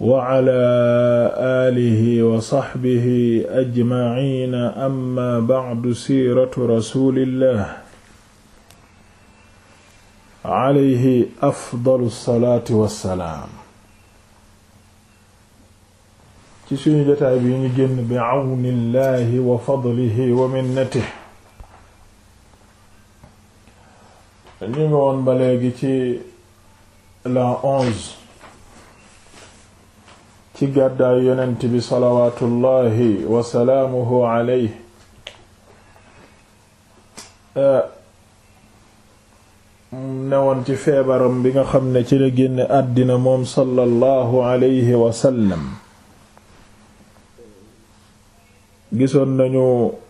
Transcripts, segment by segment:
wa cala aalihi wa saxbihi ajmaciina amma bacdu siiratu rasulillah alayhi afdalu salaati wa salaam. ci suñu jotaay bi ñu génn bi cawni llahi wa fadlihi léegi ci ci gàddaayu yonent bi salawaatullahi wa salaamuhu alayhi newoon ci feebaram bi nga xam ne ci la génn àddina moom sallallahu alayhi wa sallam gisoon nañu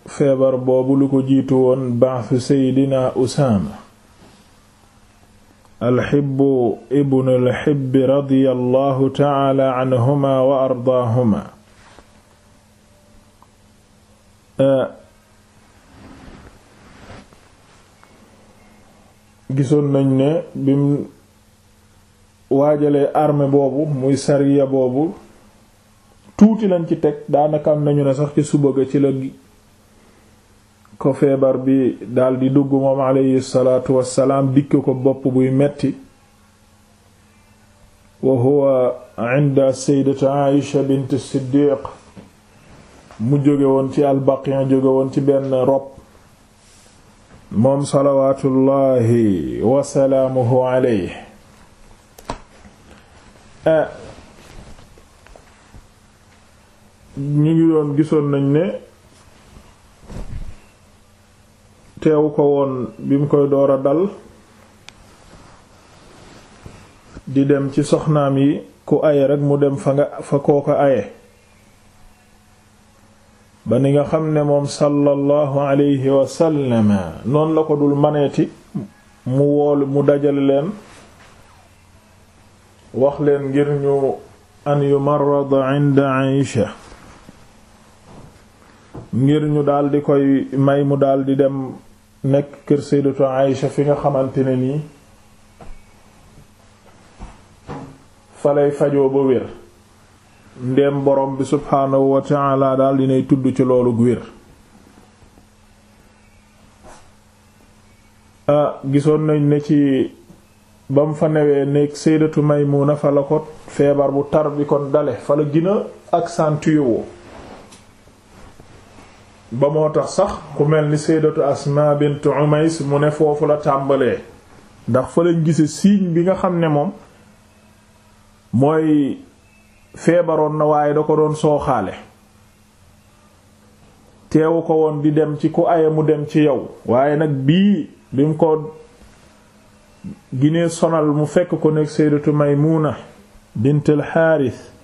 feebar boobu lu ko jiitu woon ba'th seydina Usaama alxibbu ibnu alxibbi radiyallahu taala anhuma wa ardaahuma gisoon nañ ne bim waajalee armée boobu muy sariya boobu tuuti lañ ci teg daanaka am nañu ne sax ci suba ga ci la ko feebar bi daldi dugg moom alayhi salaatu wassalaam dikk ko bopp buy metti wa huwa inda sayyidati Aisha bint Siddiq mu jóge woon ci albaqin jóge woon ci benn rob moom salawaatullaahi wasalaamuhu alayhi eh. ñu ngi doon gisoon nañ ne teewu ko woon bi mu koy doora dal di dem ci soxnaam yi ku aye rek mu dem fa nga fa kooka aye ba ni nga xam ne moom sallallahu alayhi wa sallam la ko dul maneeti mu woolu mu dajale leen wax leen ngir ñu an yumarrada inda Aïcha ngir ñu daldi koy may mu daldi dem nekk kër Sayyidatu Aïsha fi nga xamante ne nii fa lay fajoo ba wér ndéem borom bi subhaanahu wa ta'ala daal dinay tudd ci loolu wér ah, gisoon nañ ne ci ba mu fa newee nekk Sayyidatu Maymuna fa la ko feebar bu tar bi kon dale fa la ak a accentué ba moo tax sax ku mel ni sayyidatu Asma bint Umays mu ne foofu la tàmbalee ndax fa lañ gise signe bi nga xam ne moom mooy feebaroon na waaye da ko doon sooxaale teewu ko woon di dem ci ku aye mu dem ci yow waaye nag bii bi mu ko ginee sonal mu fekk ko nekk sayyidatu Maymuna bint al Harith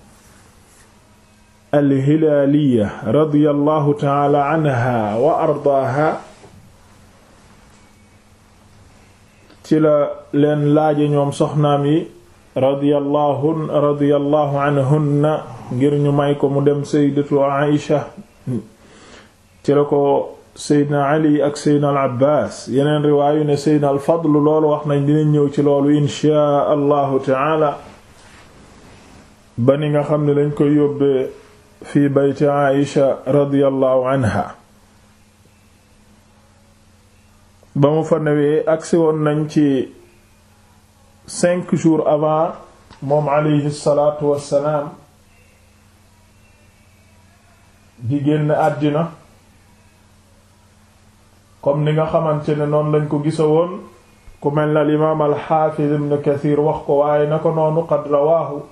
alhilaaliya radiyallahu taala anha wa ardaaha ci la leen laaje ñoom soxnaam yi radiyallahu radiyallahu anhunna ngir ñu may ko mu dem saydatu Aïsha ci la ko seydna ali ak seydna al abbaas yeneen riwaayu ne seydna al fadl loolu wax nañ dinañ ñëw ci loolu inchaa allahu taala ba ni nga xam ne lañ koy yóbbee fi bayti Aïcha radiyallahu anha ba mu fa newee agsi woon nañ ci cinq jours avant moom alayhi salaatu wassalaam di génn àddina comme ni nga xamante ne noonu lañ ko gisa woon ku mel na imaam alxaafiz ibn kathir wax ko waaye na ko noonu qad rawaahu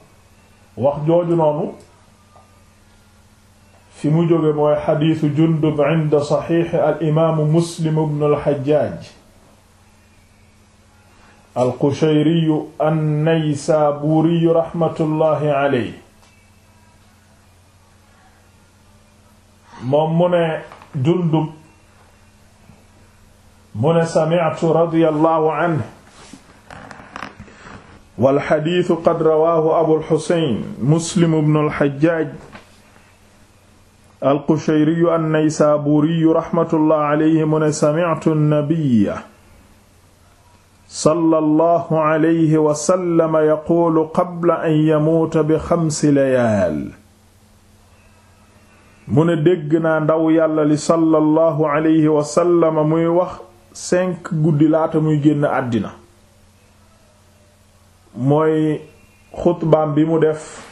wax jooju noonu fi mu jóge mooy xadiisu jundub inda saxiixi al imaamu muslim ibn al xajjaaj al qushayriyu an naysaabuuriyu raxmatullaahi aleyhi moom mu ne jundub mu ne samictu radiyallaahu anhu wal xadiisu qad rawaahu abul xuseyn muslim ibn al xajjaaj alqushayriyu annaysaabuuriyu raxmatullah alayhi mu ne sami'tu nabiyya sallallahu alayhi wa sallam qabla an yamuuta bi xamsi layaal mu ne dégg naa ndaw yàlla li sallallahu alayhi wa muy wax cinq guddi laata muy génn àddina mooy xutbaam bi mu def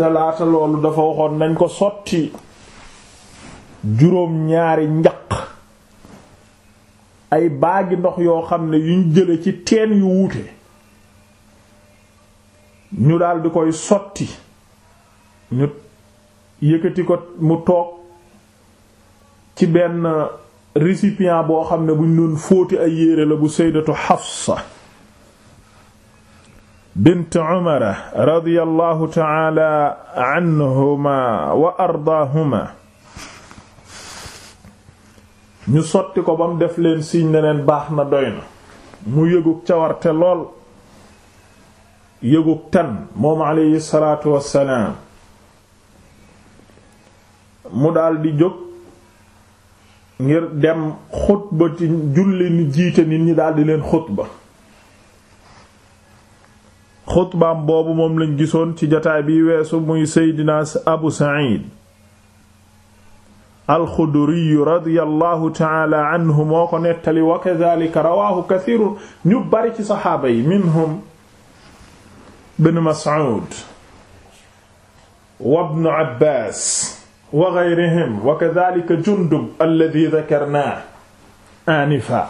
te laata loolu dafa waxoon nañ ko sotti juróom ñaari njaq ay baagi ndox yoo xam ne yuñ jële ci teen yu wuute ñu daldi koy sotti ñu yëkkati ko mu toog ci benn récipient boo xam ne buñ doon fóoti ay yére la bu xas sa bint Umara radiyallahu ta'ala wa ardaahuma ñu sotti ko ba mu def leen siñ ne leen baax na doy na mu yëgug cawarte lool yëgug tan moom alayhi salaatu wassalaam mu daldi jóg ngir dem xutba ci julli ni jiite nit ñi daldi leen xutba xutbaam boobu moom lañ gisoon ci jataay bi weesu muy seydina abu sa'id alxuduriyu radiyallahu taala anhu moo ko nettali wa kadhalika rawaahu kathirun ñu bari ci saxaaba yi minhum ibn mas'ud wa ibn abbas wa ghayrihim wa kadhalika jundub alladhi dhakarnahu anifa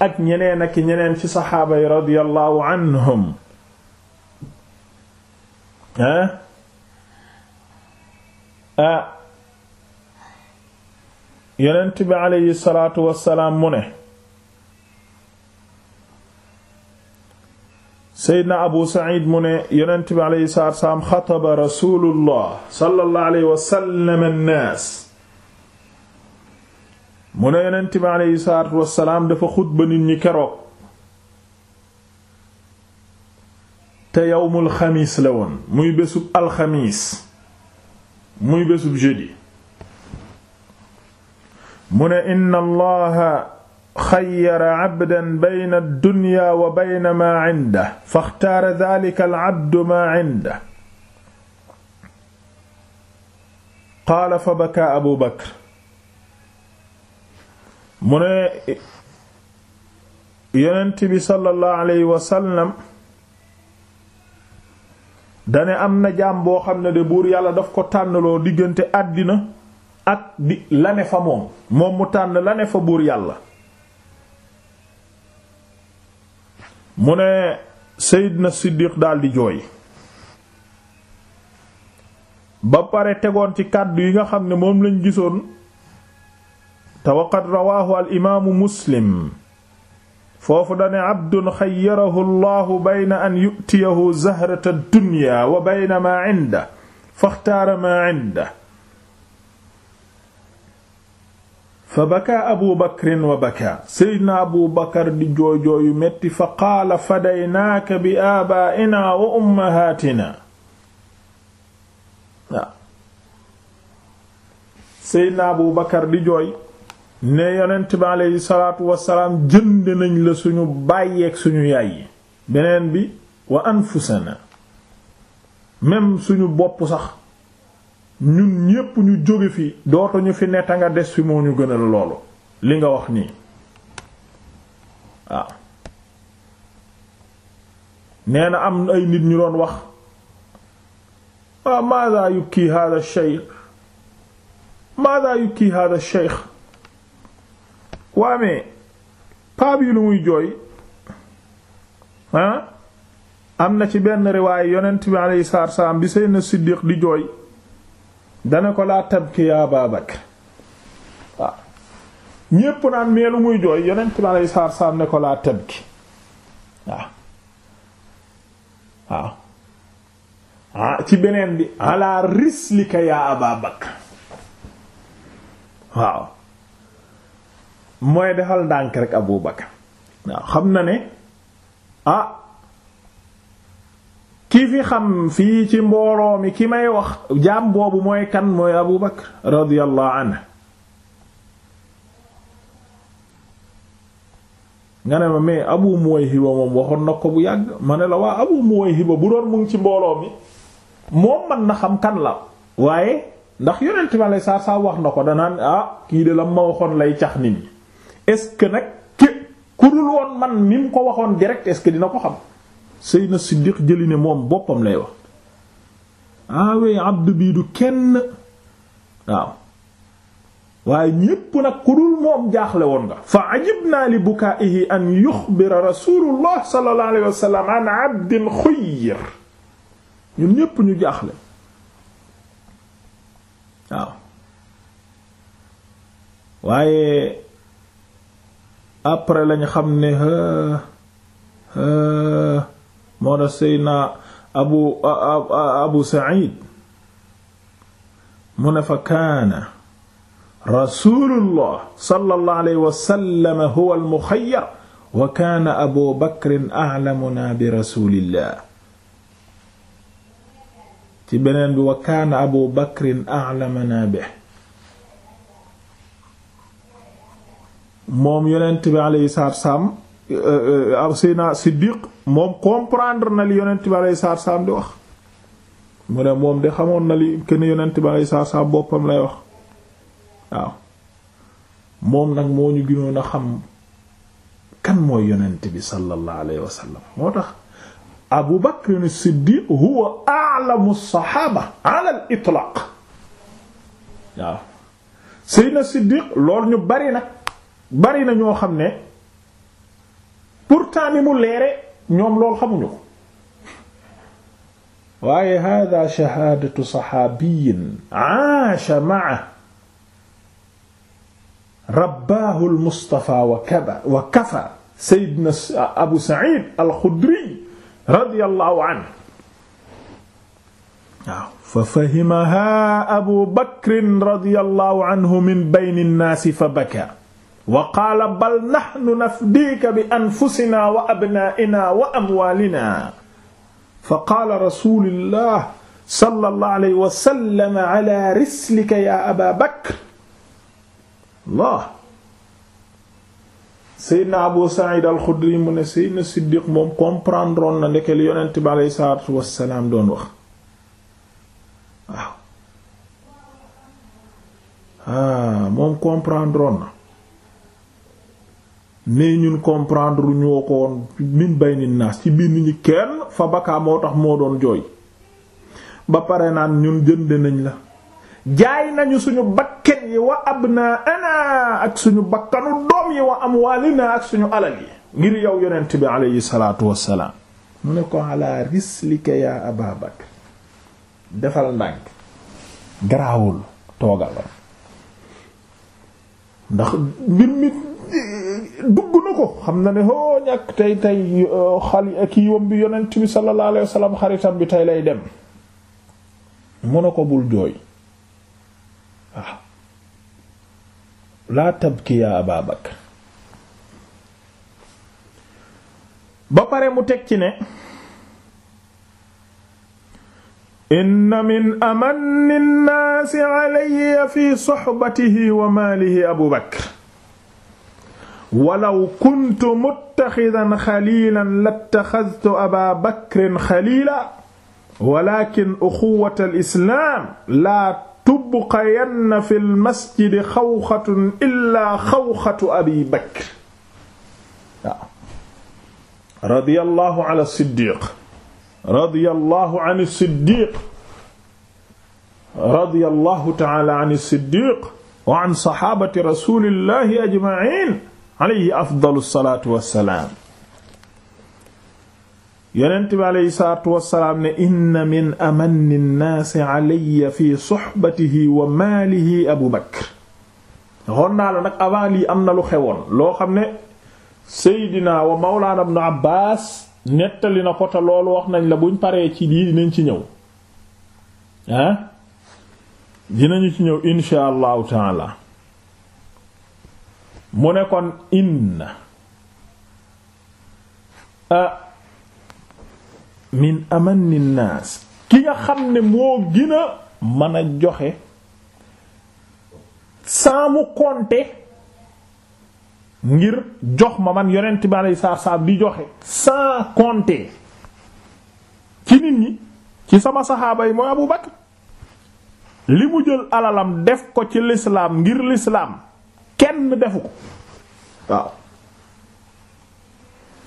ak ñeneen ak ñeneen ci saxaaba yi radiyallahu anhum ah ah yonent bi aleyhi salaatu wassalaam mu ne seydna abu said mu ne yonent bi aleyhi salaatu wassalaam xataba rasulullah sallallahu alayhi wasallam an-naas mu ne yonent bi aleyhi salaatu wassalaam dafa xutba nit ñi keroog te yawmul xamiis la woon muy bésub alxamiis muy bésub jeudi mu ne inna allaha xayyara cabdan bayna dunya wa bayna maa cinda faxtaara dalika alcabdu maa cinda qaala fa bakaa abu bakr mu ne yonent bi sallallahu alayhi wasallam dane am na jaam boo xam ne de buur yàlla daf ko tànnaloo diggante àddina ak di la ne fa moom moom mu tànn la ne fa buur yàlla mu ne Seydina Siddiq daldi jooy ba pare tegoon ci kàddu yi nga xam ne moom lañ gisoon te waqad rawaahu al imaamu muslim foofu dane abdun xayyarahu allahu bayna an yu'tiyahu zahrata dunya wa bayna maa inda faxtaara maa inda fa bakaa abu bakrin wa bakaa seydna abu bakar di joojooyu metti fa qaala fadaynaaka bi aabaa'inaa wa ummahaatinaa seydna abu bakar di jooy ne yonent bi aleyhi salaatu wasalaam jënd nañ la suñu bàyyeek suñu yaay yi beneen bi wa anfusana même suñu bopp sax ñun ñépp ñu jóge fi dootuñu fi ne a nga des fi moo ñu gënal loolu li nga wax nii waaw nee na am ay nit ñu doon wax waaw ah, maada yukki hada shaykh maada yukki hada shaykh waa mais paa lu muy jooy ah, am na ci benn riwaay yonent bi alayhi salaatu wassalaam bi Seydina Siddiq di jooy dana ko laa tabki yaa Abaa Bakr waaw ñépp naan mais lu muy jooy yonent bi alayhi salaatu wassalaam ko laa tabki ah, beneen bi yaa Abaa Bakr waaw mooy defal ndànk rek Abu Bakar waaw xam na ne ah ki fi xam fii ci mbooloo mi ki may wax jaam boobu mooy kan mooy Abu Bakar radiyallahu anhu nga ne ma mais Abu Muwayhiba moom waxoon na ko bu yàgg ma ne la waa Abu Muwayhiba bu doon mu ci mbooloo mi moom mën na xam kan la waaye ndax yonent bi aleyhi saa salaam wax na ko danaan ah kii de la ma waxoon lay cax nit ñi est-ce que nag ku dul woon man mi mu ko waxoon direct est dina ko xam Seydina Siddiq jëli moom boppam lay wax awey ah abdu bii du kenn waaw waaye ñépp nag ku dul moom jaaxle woon nga fa ajibna li bukaa'ihi an yuxbira rasulullah sallallahu an abdin xuyr ñun ñépp ñu jaaxle waaw waaye après lañ xam ne moo tax Seydina abu abu Saïd mu ne fa kaana rasulullah sallallahu alayhi wa sallam huwa al-mukhayyar wa kaana abu bakr a'lamuna bi rasulillah ci beneen bi wa kaana abu bakr a'lamuna bihi moom yonent bi alayhi salaam euh, euh, Seydina Siddiq moom comprendre na li yonent bi alayhi salaam di wax mu ne moom de xamoon na li kenn yonent bi alayhi salaam boppam lay wax waaw moom nag moo ñu gënoon a xam kan mooy yonent bi sallallahu alayhi moo tax Abu Bakr as-Siddiq huwa a'lamu as-sahaba itlaq waaw Seydina Siddiq loolu ñu bari nag bari na ñoo xam ne pourtant ni mu leere ñoom lool xamuñu ko waaye hada shahaadatu saxaabiyin aasha ma'a rabbaahu almustafa wa kaba wa kafa sayyidna abu sa'id alxudri radiyallahu anhu waaw fa fahimaha abu bakr radiyallahu anhu min bayni nnaasi fa baka wa qaala bal nahnu nafdiika bi anfusinaa wa abnaa'inaa wa amwaalinaa fa qaala rasuulullah sallallahu alayhi wa sallam ala rislika yaa Abaa Bakr Allah Seydina Abu Saïd al-Khudri mu ne Seydina Siddiq moom comprendre na ndeke li Yonent bi alayhi salaatu wa salaam doon wax waaw ah, moom comprendre na mais ñun comprendre ñoo ko woon min bay naas ci biir nit ñi kenn fa bakaa moo tax moo doon jooy ba pare naan ñun jënd nañ la jaay nañu suñu bakkan yi wa abna ana ak suñu bakkanu doom yi wa amwalina ak suñu alal yi ngir yow yonent bi aleyhi salaatu wassalaam mu ne ko ala ris ya aba bakr defal ndànk garaawul toogal ndax mbir mi dugg na ko hoo ñàkk tey tey euh, xali bi yonent bi sallallahu alayhi wasallam xaritam bi tey lay dem mu ne ko bul jooy waaw laa tabki yaa Abaa Bakr ba pare mu teg ci ne inna min amanni nnaasi alayya fi soxbatihi wa maalihi Abu Bakr walaw kuntu muttaxidan xalilan lattaxadtu aba bakrin xalila walakin uxuwat alislaam laa tubqayanna fi lmasjidi xawxatun illa xawxatu abi bakr waaw radiyallahu an siddiq radiyallahu an siddiq radiyallahu ta'ala an siddiq wa an saxaabati rasulillahi ajma'in alayhi afdalu salaatu wassalaam yonent bi alayhi salaatu wassalaam ne inna min amanni nnaasi alayya fi soxbatihi wa maalihi abu bakr xoon naa la nag avant lii am na lu xewoon loo xam ne seydina wa mawlaana ibnu abbaas nettali na ko te loolu wax nañ la buñ paree ci lii dinañ ci ñëw ah dinañu ci ñëw insha allahu taala mu ne kon inna a min amanni ki nga xam ne moo gina a mën a joxe saamu mu ngir jox ma man yonent bi alayhi salaatu salaam di joxe sans compter ci nit ñi ci sama saxaaba yi mooy Abu Bakr li mu jël alalam def ko ci lislaam ngir lislaam kenn defu ko waaw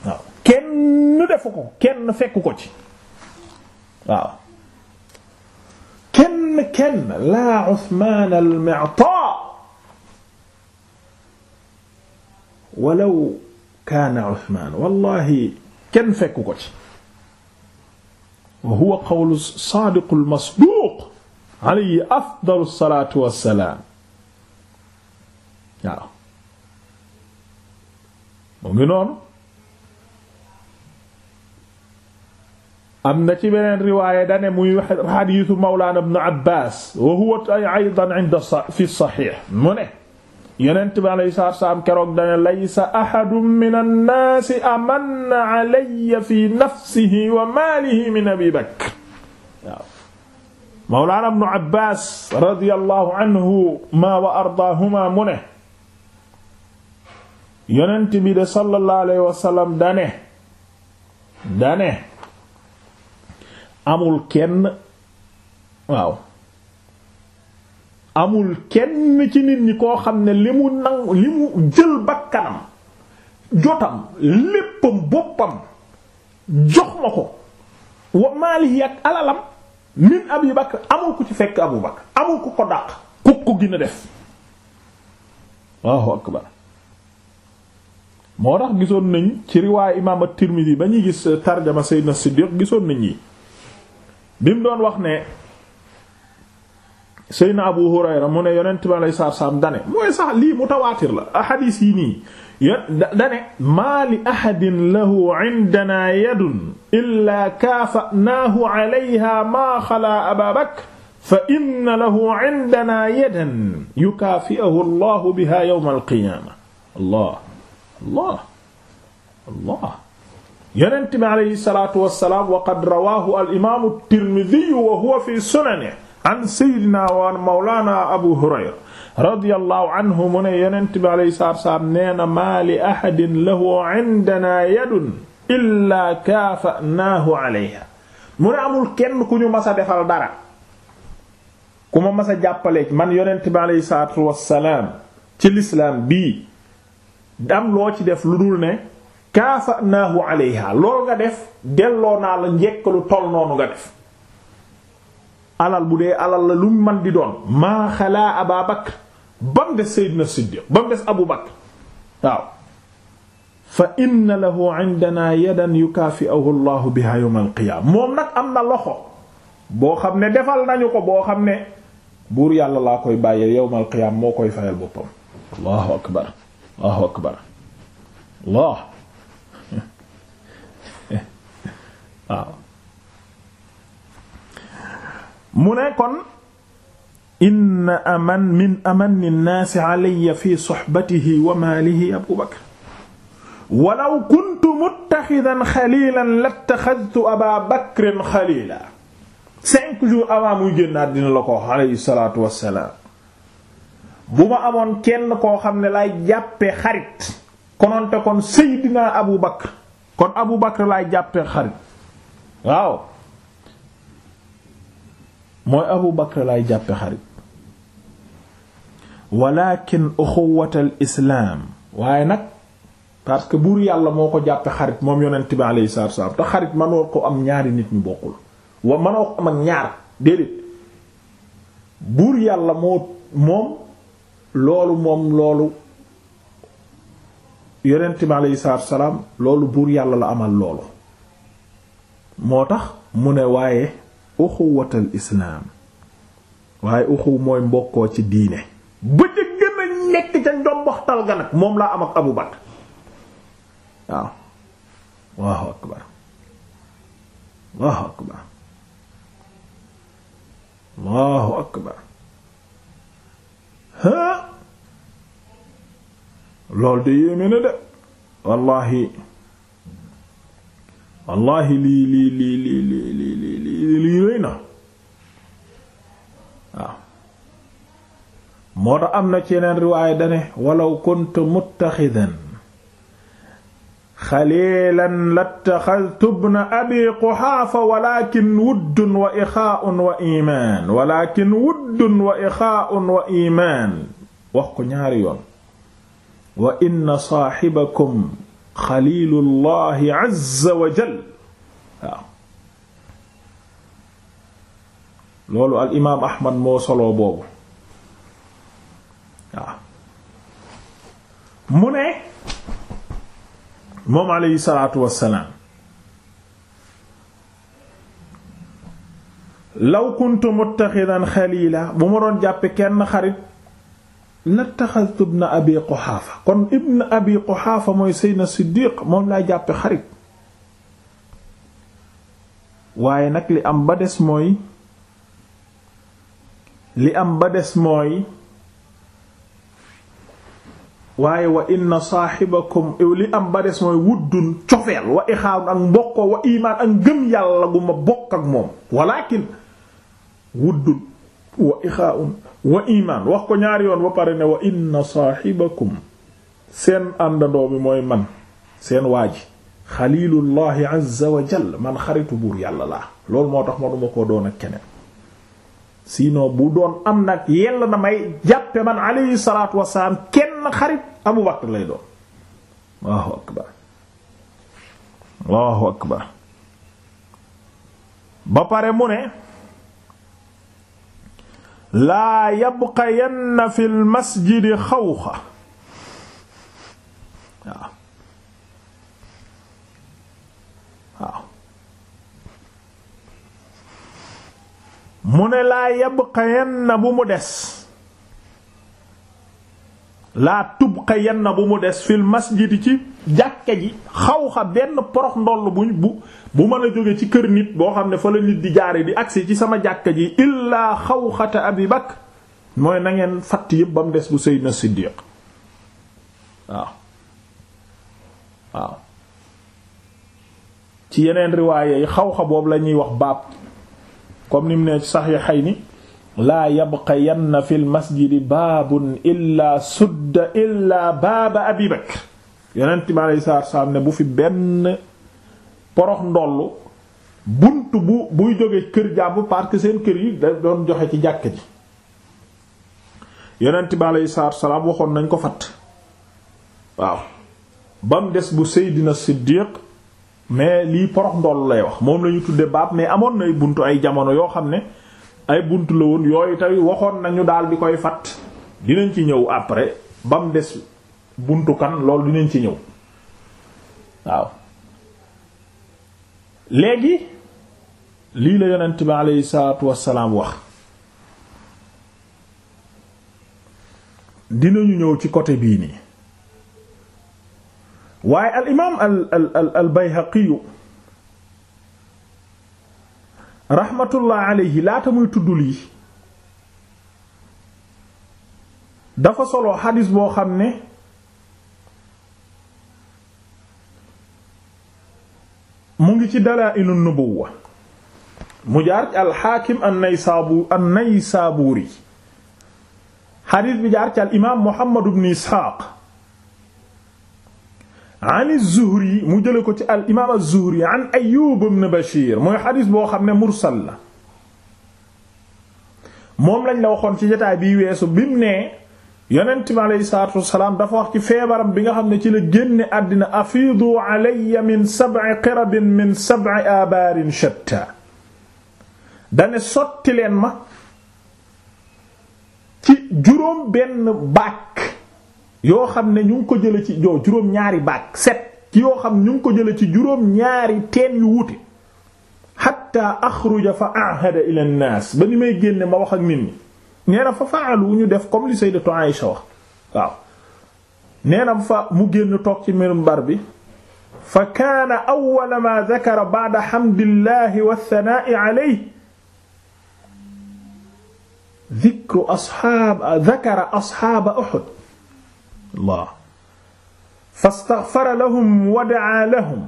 waaw kenn defu ko kenn fekku ko ci waaw kenn kenn laa Usmaan al-Mi'taa walaw kaana Usmaan wallahi kenn fekku ko ci wa huwa qawlu saadiqul masduuq alayhi afdalu salaatu wassalaam waaw mu ngi noonu am na ci beneen riwaaya dane muy xadiisu mawlaana ibnu abbaas wa huwa aydan inda fi saxiix mu ne yonent bi alayhi salaatu wa salaam keroog dane laysa ahadun min annaasi amanna alayya fi nafsihi wa maalihi min abi bakr waaw mawlaana ibnu abbaas radiyallahu anhumaa wa ardaahuma mu ne yonent bi de sallallahu alayhi wasallam dane dane amul kenn waaw amul kenn ci nit ñi koo xam ne li mu nangu li mu jël bakkanam jotam léppam boppam jox ma ko wa maalihi ak alalam min Abi amul ku ci fekk Abu Bakr amul ku ko dàq ku ko gën def waaw akbar moo tax gisoon nañ ci riwaayu imaam at-Tirmidhi ba ñuy gis euh, tarjama Seydina Siddiq gisoon nañ yi bi mu doon wax ne Seydina Abu Hurayra mu ne yonent bi alayhi salaatu salaam dane mooy sax lii mutawaatir la ahadiis yi nii dane maa li ahadin lahu indanaa yadun illaa kaafa'naahu alayhaa maa xalaa Abaa Bakr fa inna lahu indanaa yadan yukaafi'uhu Allahu bihaa yawmal qiyaamah Allah allah allah yonent bi aleyhi salaatu wassalaam wa qad rawaahu al imaamu tirmidi wa huwa fi sunanihi an sayyidina wa mawlaana abu hurayra radiyallahu anhu mu ne yonent bi aleyhi salaatu wassalaam nee na maa li ahadin lahu indanaa yadun illaa kaafa'naahu aleyha mu ne amul kenn ku ñu mas a defal dara ku ma mas a jàppale man yonent bi aleyhi salaatu wassalaam ci lislaam bii dam loo ci def lu dul ne kaafa'naahu alayha lool nga def delloo naa la njekk lu toll noonu nga def alal bu dee alal la lu man di doon maa xalaa Abaa ba mu des Seydina Siddiq ba mu des Abu Bakr waaw fa inna lahu indanaa yadan yukaafi'uhu Allahu bihaa yawmal qiyaama moom nag am na loxo boo ne defal nañu ko boo xam ne buur yàlla laa koy bàyyee yawmal qiyaama moo koy fayal boppam akbar Allahu akbar Allah waaw mu ne kon inna aman min amanni an-naasi alayya fi suhbatihi wa maalihi Abu Bakr walaw kuntu muttaxidan xalilan lattaxadtu Abaa Bakrin xalila cinq jours avant muy génnaat dina la ko wax alayhi salaatu wassalaam bu ma amoon kenn koo xam ne laay jàppe xarit kononte kon Seydina Abu Bakr kon Abu Bakr laay jàppe xarit waaw mooy Abu Bakr laay jàppee xarit walakin uxuwatal islaam waaye nag parce que buur yàlla moo ko jàppe xarit moom yonent bi alayhi salaatu wassalaam te xarit manoo ko am ñaari nit ñu bokkul wa manoo ko am ak ñaar déedéet buur yàlla moo moom loolu moom loolu yonent bi aleyhi salaatu loolu buur yàlla la amal loolu moo tax mu ne waaye uxuwatal islaam waaye uxu mooy mbokkoo ci diine ba ca gën nekk ca njomboxtal ga nag moom laa am ak Abu Bakr waaw Allahu akbar Allahu akbar loolu de yéeme na de wallaahi wallaahi lii lii lii lii lii lii lii lii rëy na waaw moo tax am na ci yeneen riwaaya dane walaw kuntu muttaxidan xalilan lattaxadtu bna abi quxaafa walakin wuddun wa ixaaun wa imaan walakin wuddun wa ixaaun wa imaan wax ko ñaari yoon wa inna saaxibakum xalilullahi azza wa jal waaw loolu al imaam ahmad moo soloo boobu waaw mu ne moom aleyhi salaatu wassalaam law kuntu muttaxidan xalila bu ma doon jàppe kenn xarit lattaxastu ibn abi quxaafa kon ibn abi quxaafa mooy seydna siddiq moom laa jàppe xarit waaye nag li am ba des mooy li am ba des mooy waaye wa inna saaxibakum li am ba des mooy wuddun cofeel wa ixaarun ak mbokkoo wa imaan ak ngëm yàlla gu ma bokk ak moom walakin wuddun wa ixaarun wa imaan wax ko ñaari yoon ba pare ne wa inna saaxibakum seen àndandoo bi mooy man seen waa ji xalilullahi azza wa jalla man xaritu buur yàlla laa loolu moo tax ma duma ko doon ak keneen sinon bu doon am nag yell na may jàppe man alayhi salaatu wasalaam kenn xarit Abu Bakr lay doon Allahu akbar Allahu akbar ba pare mu ne laa yabqayanna fil masjidi xawxa waaw mu ne laa yabqayanna bu mu des laa tubqayanna bu mu des fil masjidi ci jàkke ji xaw benn porox ndoll bu bu mën a jóge ci kër nit boo xam ne fa la nit di jaare di agsi ci sama jàkke ji illaa xawxata abi bakr mooy na ngeen fatt yépp ba mu des bu seydina siddiq waaw waaw ci yeneen riwaaye yi xawxa boobu la ñuy wax baab comme ni mu ne ci saxiixayni laa yabqayanna fil masjidi baabun illaa sudda illaa baaba abi bakr bi alayhi salaatu ne bu fi benn porox ndollu bunt bu buy jóge kër jàmb parce seen kër yi da doon joxe ci jàkk ji yonent bi alayhi salaatu salaam waxoon nañ ko fatt waaw bam des bu seydina siddiq mais lii porox ndoll lay wax moom lañu ñu tudde baab mais amoon na ay buntu ay jamono yoo xam ne ay buntu la woon yooyu tey waxoon nañu daal di koy fat dinañ ci ñëw après ba mu des buntu kan loolu dinañ ci ñëw waaw léegi lii la yonent bi aleyhi salaatu wassalaam wax dinañu ñëw ci côté bii nii waaye al imaam al al al Bayhaqi rahmatullah alayhi laata muy tudd lii dafa solo xadis boo xam ne mu ngi ci dalaa'ilu nubuwwa mu jaar ci alxaakim an-Naysaabu an-Naysaabuuri xadis bi jaar ci al imaam Muhammad ibn Isxaaq an az-Zuhri mu jële ko ci al imaam az-Zuhri an Ayyub mooy xadis boo xam ne mursal la moom lañ la waxoon ci jotaay bi weesu bim mu nee yonent bi aleyhi salaatu wassalaam dafa wax ci feebaram bi nga xam ne ci la génne àddina afiidu alayya min sab'i qirabin min sab'i abaarin shatta dane sotti leen ma ci juróom benn baak yoo xam ne ñu ngi ko jële ci joo juróom-ñaari baag set yoo xam ñu ngi ko jële ci juróom-ñaari teen yu wuute xatta ba ni may génne ma wax ak nit ñi fa faalu ñu def comme li sayyidatu Aïsha nee na mu génn toog ci minbar bi fa kaana awwala ma dakara ba'da hamdillahi wa thanaa'i alayhi dhikru ashaab dhakara ashaaba Uhud Allah fastaghfara lahum wa da'a lahum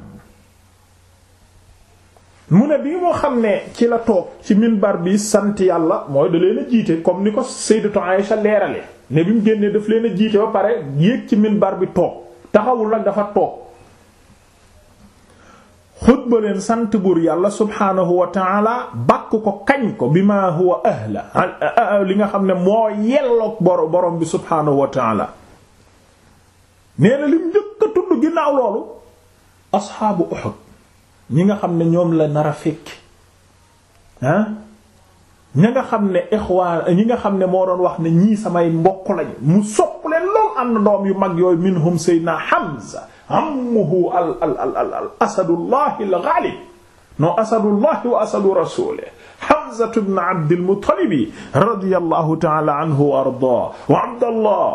mu ne bi moo xam ne ci la toog ci minbar bi sant yàlla mooy da leen jiite comme ni ko sayyidatu Aïsha leerale ne bi mu génnee daf leen a jiite ba pare yéeg ci bar bi toog taxawul ak dafa toog xutba leen sant buur yàlla subhaanahu wa ta'ala bàkk ko kañ ko bi ma huwa ahla li nga xam ne moo yelloog boro borom bi subhaanahu wa ta'ala nee na lim njëkk a tudd ginnaaw loolu asxaabu ñi nga xam ne ñoom la nar a fekk nga xam ne ixwaan ñi nga xam ne moo doon wax ne ñii samay mbokk lañu mu sopp leen lool am na yu mag yooyu minhum sayyidina Hamza ammuhu al al al al al asadullahi al ghalib no wa asadu rasulih Hamza ibn Abdil Muttalib radiyallahu ta'ala anhu wa arda wa Abdallah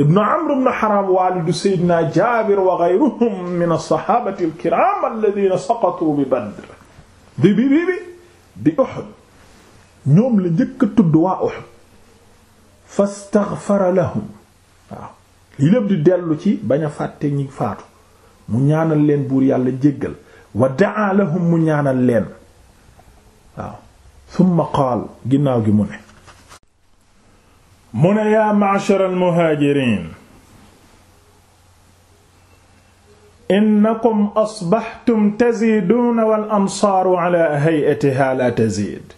ibnu amr ibn haram walidu sayyidina jabir wa ghayruhum min as-sahabati al-kiram alladhina saqatu bi badr bi bi bi bi uhud ñoom la njëkk a tudd waa uhud fastaghfara lahum waaw lii lépp di dellu ci bañ a fàtte ñi faatu mu ñaanal leen buur yàlla jéggal wa daa lahum mu ñaanal leen waaw summa qaal ginnaaw gi mu ne mu ne yaa ma'shar al-muhaajiriin innakum asbaxtum taziiduuna wal ansaaru ala hay'atihaa laa taziid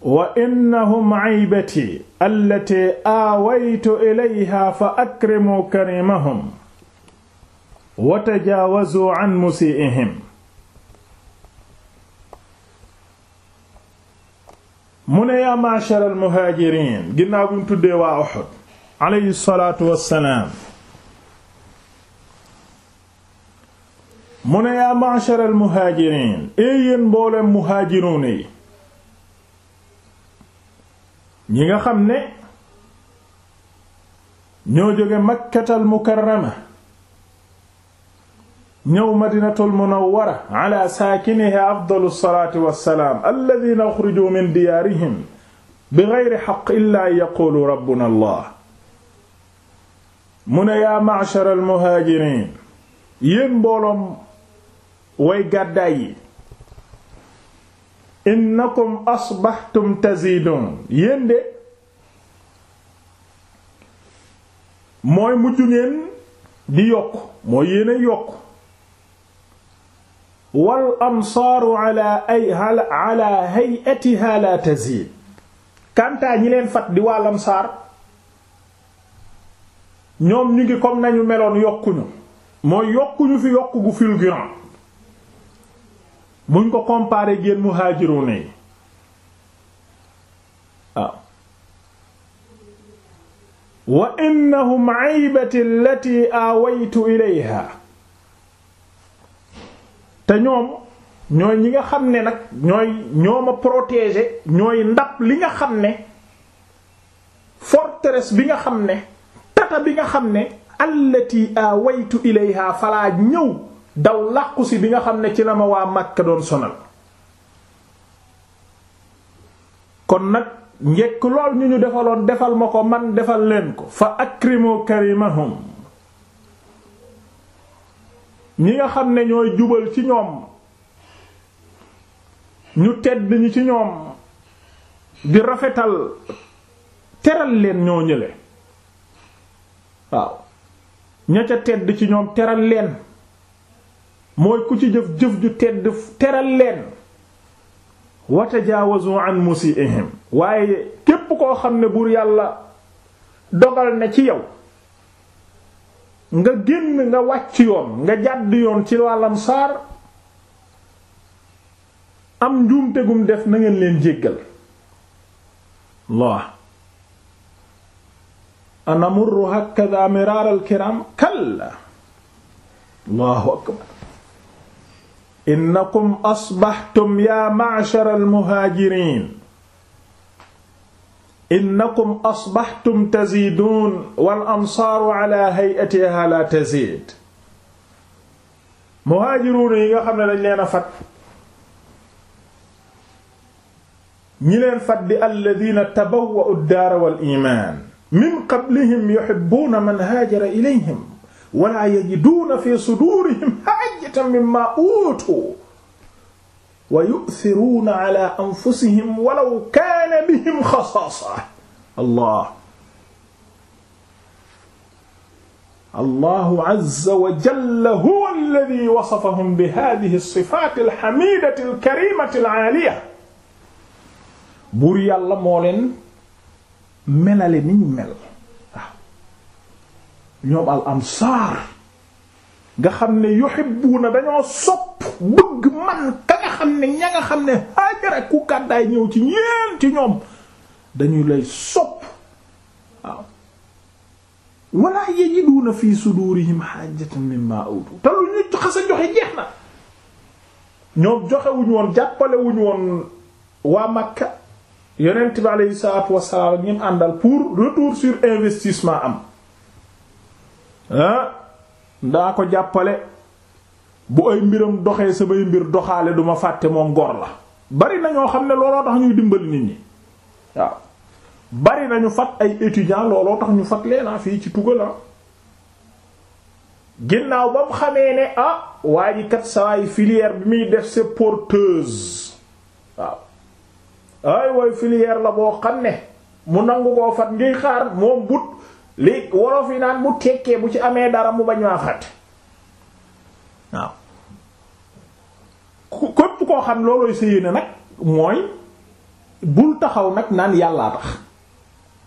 wa innahum caybatii allatii aawaytu ilayhaa fa akrimuu karimahum wa tajaawazuu can musii'ihim mu ne yaa ma'shar muhaajiriin ginnaaw bi tuddee waa Uhud alayhi salaatu wassalaam mu ne yaa ma'shar muhaajiriin ee yéen mboolem muhaajiruun yi ñi nga xam ne ñoo jóge makkatal mukarrama ñëw madinatul munawwara ala saakiniha afdalu salaati wassalaam alladina uxrijuu min diyaarihim bi geyri xaq illaa yaquulu rabbuna allah mu ne yaa ma'shar almuhaajiriin yéen mbooloom way gàddaay yi innakum asbaxtum taziidoon yéen de mooy mujj ngeen di yokk mooy yéen a yokk wal ansaaru ala ay ala hay'atiha la tazid kantaa ñi leen fat di wal ansaar ñoom ñu ngi comme nañu meloon yokkuñu mooy yokkuñu fi yokku gu fulgurant buñ ko comparé génn muhaajiru ne waaw wa innahum aybati allati awaytu ilayha te ñoom ñooy ñi nga xam ne nag ñooy ñoo ma protéger ñooy ndax li nga xam ne forteresse bi nga xam ne tata bi nga xam ne allati awaytu ilayha falaa ñëw daw làqu bi nga xam ne ci la ma waa Makka doon sonal kon nag njekk lool ñu ñu defaloon defal ma ko man defal leen ko fa akrimu karimahum ñi nga xam ne ñooy jubal ci ñoom ñu tedd ñi ci ñoom di rafetal teral leen ñoo ñële waaw ña ca tedd ci ñoom teral leen mooy ku ci jëf jëf ju tedd teral leen wa tajaawazu an musiihim waaye képp koo xam ne buur yàlla dogal na ci yow nga génn nga wàcc yoon nga jàdd yoon ci wàllam saar am njuumte gum def na ngeen leen jéggal Allah anamurru hakadha miraaral kiram kalla Allahu akbar innakum asbahtum ya ma'shar al muhajirin innakum asbaxtum taziduun wal ansaaru ala hay'atiha la tazid muhaajiruun yi nga xam ne dañ leen a fat ñi leen fat di alladina tabawwa'u ad-daara wal iimaan min qablihim yuhibbuuna man haajara ilayhim wala yajiduuna fi suduurihim haajatan mimmaa uutuu wa yu'thiruuna ala anfusihim walaw kaana bihim xasaasa allah allahu azza wa jalla huwa alladhi wasafahum bi haadhihi as-sifaati al-hamiidati al-kariimati al-'aaliya buur yàlla moo leen melale niñ mel ñoom al ansaar nga xam ne yuhibbuuna dañoo sopp bëgg man ka xam ne ña xam ne haajara ku gàddaay ñëw ci ñeen ñoom dañu lay sopp waaw walaa yajiduuna fi sudurihim xaajatan mimma utu te lu ñu xas a joxe jeex na ñoom joxewuñu woon jàppalewuñu woon waa Makka yonent bi aleyhi salaatu wassalaam ak ñim àndal pour retour sur investissement am ah ndaa ko jàppale bu ay mbiram doxee samay mbir doxaale duma fàtte moom gor la bari na ñoo xam ne looloo tax ñuy dimbali nit ñi waaw bari nañu fat ay étudiants looloo tax ñu fat leena ah, fii ci tugal ah. ginnaaw ba mu xamee ne ah waa ji kat sawaay bi muy def c'est porteuse waaw ay way filière la boo xam ne mu nangu koo fat ngay xaar moom but li wolof yi naan bu tekkee bu ci amee dara mu bañ maa fat waaw képp koo xam loolooy sa yéene nag mooy bul taxaw nag naan yàllaa tax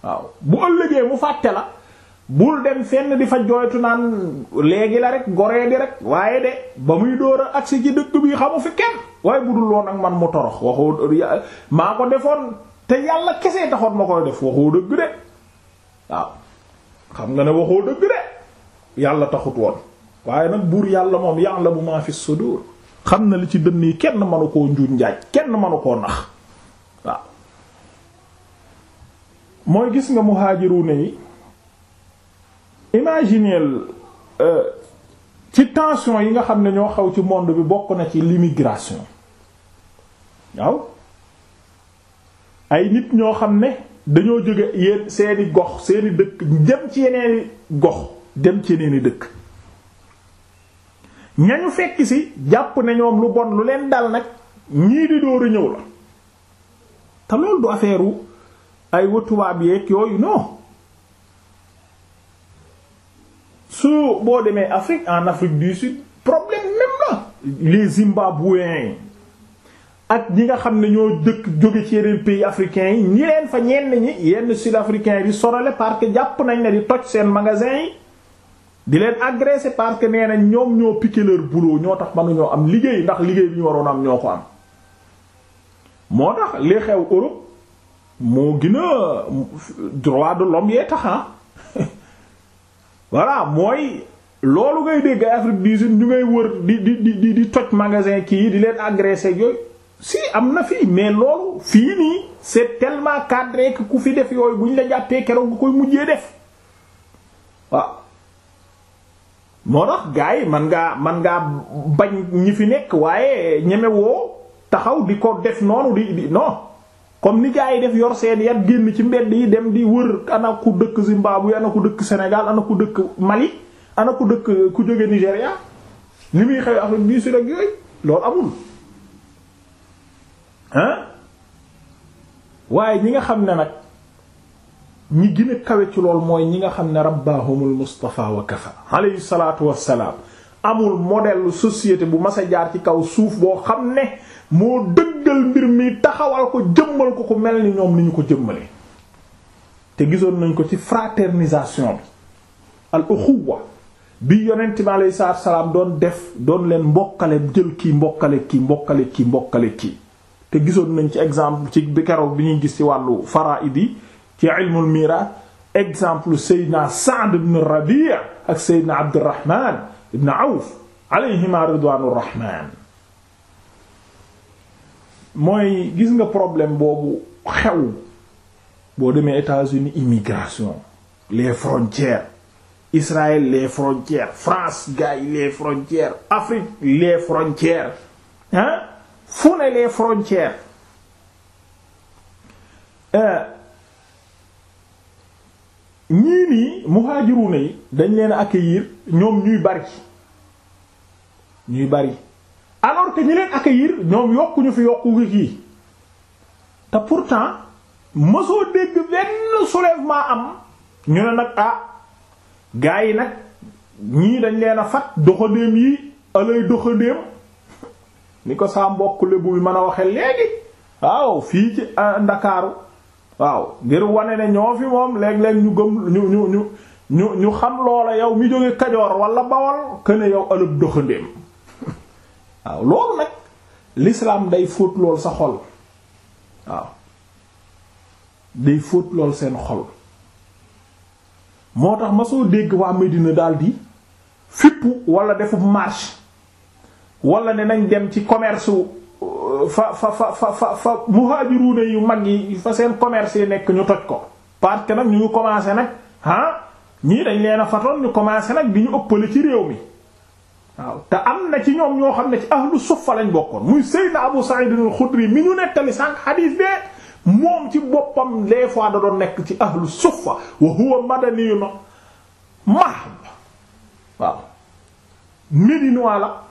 waaw bu ëllëgee mu fàtte la bul dem fenn di fa jooytu naan léegi la rek goree di rek waaye de ba muy door a agsi ci dëkk bi xamu fi kenn waaye budul woon ak man mu torox waxoo maa ko defoon te yàlla kese taxoon ma koy def waxoo dëgg de waaw xam nga ne waxoo dëgg de yàlla taxut woon waaye nag buur yàlla moom ya'lamu ma fi sudur xam na li ci dënn yi kenn manu koo njuuj njaaj kenn manu koo nax waaw mooy gis nga muhaajiruuna yi imagineel euh, ci tension yi nga xam ne ñoo xaw ci monde bi bokk na ci l'immigration waaw ay nit ñoo xam ne dañoo jóge yéen seeni gox seeni dëkk dem ci yeneeni gox dem ci yeneeni dëkk ñañu fekk si jàpp ne ñoom lu bon lu leen dal nag ñii di dóoru ñëw la te loolu du affaire ay watuwaab yeeg yooyu non su boo demee Afrique en Afrique du Sud problème même la les Zimbabwéens ak ñi nga xam ne ñoo dëkk jóge ci yeneen pays africains yi ñi leen fa ñenn ñi yenn sud africains yi di sorale parce que jàpp nañ ne di toj seen magasin yi di leen agressé parce que nee nañ ñoom ñoo piqué leur boulot ñoo tax mënuñoo am liggéey ndax liggéey bi ñu waroon am ñoo ko am moo tax li xew Europe moo gën a droit de l'homme yee tax ah. voilà mooy loolu ngay dégg Afrique du Sud ñu ngay wër di di di di toj magasin kii di leen agressé yooyu si am na fii mais loolu fii nii c'est tellement cadré que ku fi def yooyu bu ñu la jàppee keroog nga koy mujjee def moo tax gars man ngaa man ngaa bañ ñi fi nekk waaye ñeme woo taxaw di ko def noonu di di non comme ni gars yi def yor seen yat génn ci mbedd yi dem di wër ana ku dëkk Zimbabwe ana ku dëkk Sénégal ana ku dëkk Mali ana ku dëkk ku jóge Nigéria li muy xew Afrique du Sud ak yooyu loolu amul hein waaye ñi nga xam ne nag ñi gën kawe ci loolu mooy ñi nga xam ne rabbahumul mustafa wa kafa alayhi salaatu wassalaam amul modèle société bu mas a jaar ci kaw suuf boo xam ne moo dëggal mbir mi taxawal ko jëmmal ko ko mel ni ñoom ni ñu ko jëmmale te gisoon nañ ko ci fraternisation bi al uxuwa bi yonent bi alayhi doon def doon leen mbokkale jël kii mbokkale kii mbokkale kii mbokkale kii te gisoon nañ ci exemple ci keroog bi ñuy gis ci wàllu faraidi ci ilmul miraas exemple Seydina Saad ibn Rabi' ak Seydina Abdurrahman ibn Awf alayhima ridwaanur rahmaan mooy gis nga problème boobu xew boo demee États-Unis immigration les frontières Israël les frontières France gars les frontières Afrique les frontières hein les frontières euh, ñii nii muhajiruna yi dañ leen accueillir ñoom ñuy bari ñuy bari alors que ñi leen accueillir ñoom yokkuñu fi yokku gi kii te pourtant mësoo dégg benn soulèvement am ñu ne nag ah gaa yi nag ñii dañ leen a fat doxandéem yi alay doxandéem ni ko saa mbokk lébu bi mën a waxe léegi waaw fii ci ah, ndakaaru waaw ngir wane ne ñoo fi moom léeg-léeg ñu gëm ñu ñu ñu ñu ñu xam loola yow mi jóge Kajoor wala Bawol këne yow ëllëg doxandéem waaw loolu nag l'islam day fóot lool sa xol waaw day fóot lool seen xol moo tax ma soo dégg waa Medina daldi fippu wala defu marsh wala ne nañ dem ci commerce fa fa fa fa fa muhaajiruuna yu mag yi fa seen commerce yi nekk ñu toj ko parce que nag ñu ngi commencé nag ah ñii dañ leen a fatoon ñu commencé nag bi ñu ëppale ci réew mi waaw te am na ci ñoom ñoo xam ne ci ahlu suffa lañ bokkoon muy Seydina Abu Sa'id al-Khudri mi ñu nettali sànq xadiis bee moom ci boppam les fois da doon nekk ci ahlu suffa wa huwa madaniyun mahd waaw médinois la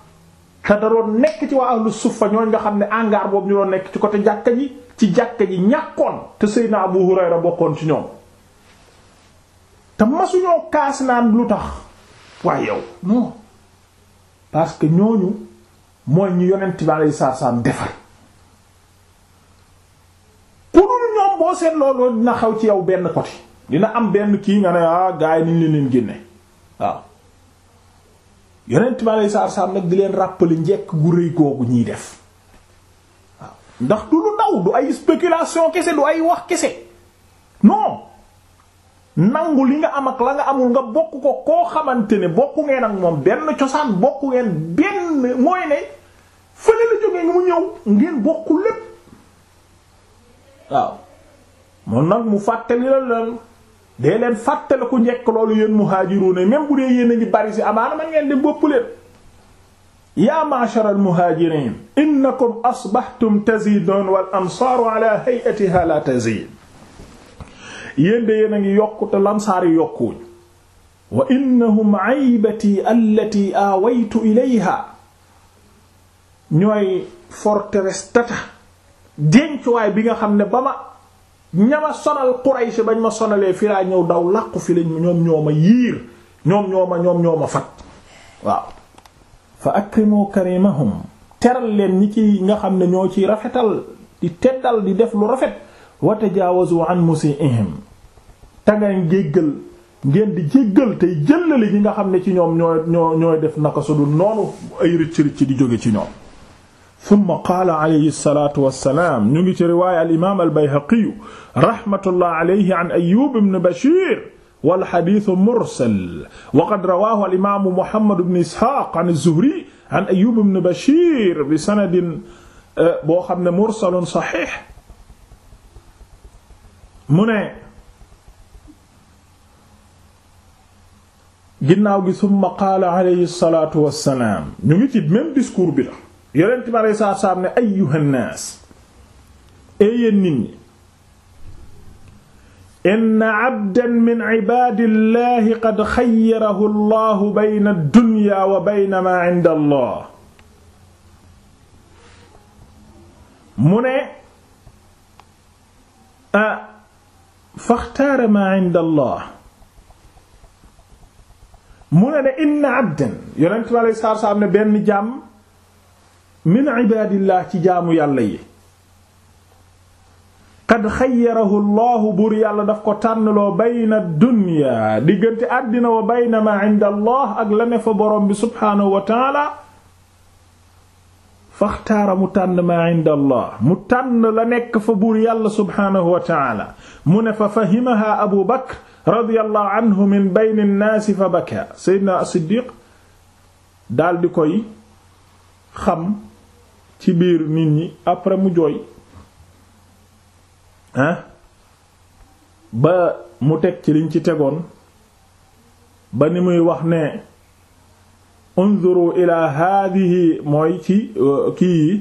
te da doon nekk ci waa ahlu suffa ñooñ nga xam ne angaar boobu ñu doon nekk ci côté jàkka ji ci jàkka ji ñàkkoon te Seydina Abu Hurayra bokkoon ci ñoom te masuñoo kaas naan lu tax waaye yow non parce que ñooñu mooy ñu yonent bi alayhi salaam defar ku dul ñoom boo seen loolu dina xaw ci yow benn côté dina am benn kii nga ne ah gars yi niñ leen leen génne waaw yonent mi aleyhi salaatu salaam nag di leen rappeler njekk gu rëy googu ñuy def waaw ndax du lu ndaw du ay spéculation kese du ay wax kese non nangu li nga am ak la nga amul nga bokk ko koo xamante ne bokk ngeen ak moom benn cosaan bokk ngeen benn mooy ne fële la jógee mu ñëw ngeen bokku lépp waaw moom nag mu fàttali la loolu dee leen fàttale ku njekk loolu yéen muhaajiruuna même bu dee yéen a ngi bari amaana man ngeen di bopp leen yaa ma'shar al-muhaajiriin innakum asbahtum taziiduun wal ansaaru ala hay'atihaa laa taziid yéen ngi yokku te lansaar yi yokkuwuñ wa innahum aybatii allatii aawaytu ilayhaa ñooy forteresse dencuwaay bi nga xam ne ba ma ñama sonal Quraysh bañ ma sonalee fi ñëw daw làqu fi lañ ñoom ñoo ma yiir ñoom ñoo ma ñoom ñoo ma fat waaw fa akrimu karimahum teral leen ñi ci nga xam ne ñoo ciy rafetal di teddal di def lu rafet wa tajaawazu an musiihim te ngeen jéggal ngeen di jéggal tey jëllali ñi nga xam ne ci ñoom ñooy ñoo ñooy def naka su dul noonu ay rëcc rëcc di jóge ci ñoom summa qaala alayhi salaatu wa salaam ñu ngi ci riwaaya al imaam al bayhaqi rahmatullah alayhi an ayyub ibn bashir wal xadiis mursal wa qad rawaahu al imaamu muhammad ibn isxaaq an zuhri an ayyub ibn bashir bi sanadin eh, boo xam ne mursalun saxiix mu ne ginnaaw gi summa qaala alayhi salaatu wa salaam ñu ngi ci même discours bi la. yonent bi aleyhi salaatu salaam ne ayyuhan naas yéen nit ñi inna abdan min ibaadillahi qad xayyarahu allahu bayna dunya wa bayna ma inda allah mu ne a faxtaara ma inda allah mu ne ne inna abdan yonent bi aleyhi salaatu salaam ne benn jàmm min ibaadillah ci jaamu yàlla yi qad xayyarahu llahu buur yàlla daf ko tànnloo bayna dunya diggante àddina wa bayna ma inda allah ak la ne fa boroom bi subhaanahu wa taala faxtaara mu tànn ma allah mu tànn la nekk fa buur yàlla subhaanahu wa taala mu ne fa fahimaha abu bakr radiyallahu anhu min bayni nnaasi fa baka siddiq daal koy xam ci biir nit ñi après mu jooy hein ba mu teg ci liñ ci tegoon ba ni muy wax ne unzuru ila haadihi mooy ci euh, kii yi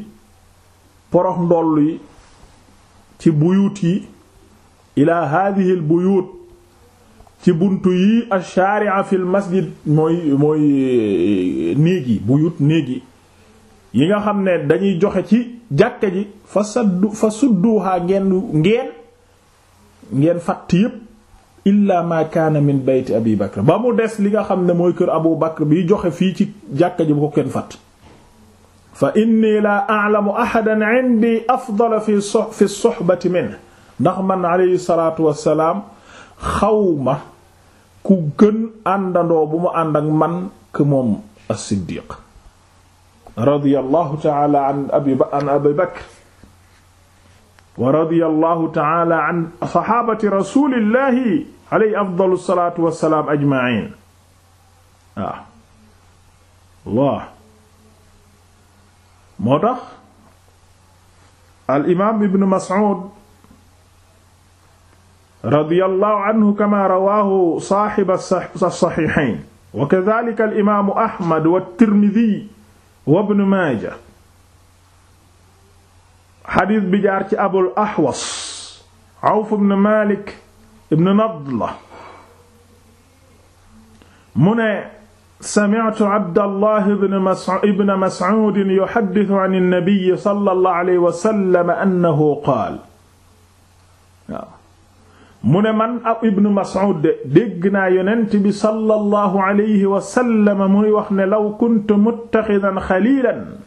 porox ndoll yi ci buyut yi ila haadihil buyut ci bunt yi ashari'a fil masjid mooy mooy néeg buyut néeg yi nga xam ne dañuy joxe ci jàkka ji fa saddu fa sudduha ngeen ngeen ngeen yépp illa ma kaana min bayti abi ba mu des li nga xam ne mooy kër abu bakr bi joxe fii ci jàkka ji bu ko kenn fàtt fa inni la a'lamu ahadan indi afdala fi fi sohbati min ndax man alayhi salaatu wassalaam xawma ku gën àndandoo bu mu ànd ak man que moom as-siddiq radiyallahu ta'ala an abi an abi bakr wa radiyallahu ta'ala an saxaabati rasulillahi alayhi afdalu salaatu wa salaam ajma'in waaw ah. Allah moo tax al imaam ibn Mas'ud radiyallahu anhu kama rawaahu saaxibu as-saxiixayn wa kadaalika al imaamu Ahmad wa Tirmidi wa ibn Maaja xadiis bi jaar ci Abul Ahwas Awf ibn Maalik ibn Nadla mu ne sami'tu Abdallah ibn Mas'uud yuhaddithu an an-nabiy sallallahu alayhi wa sallam annahu qaala mu ne man ab ibnu Mas'ud de dégg naa yonent bi sallallahu alayhi wa sallam muy wax ne law kuntu muttaxidan xalilan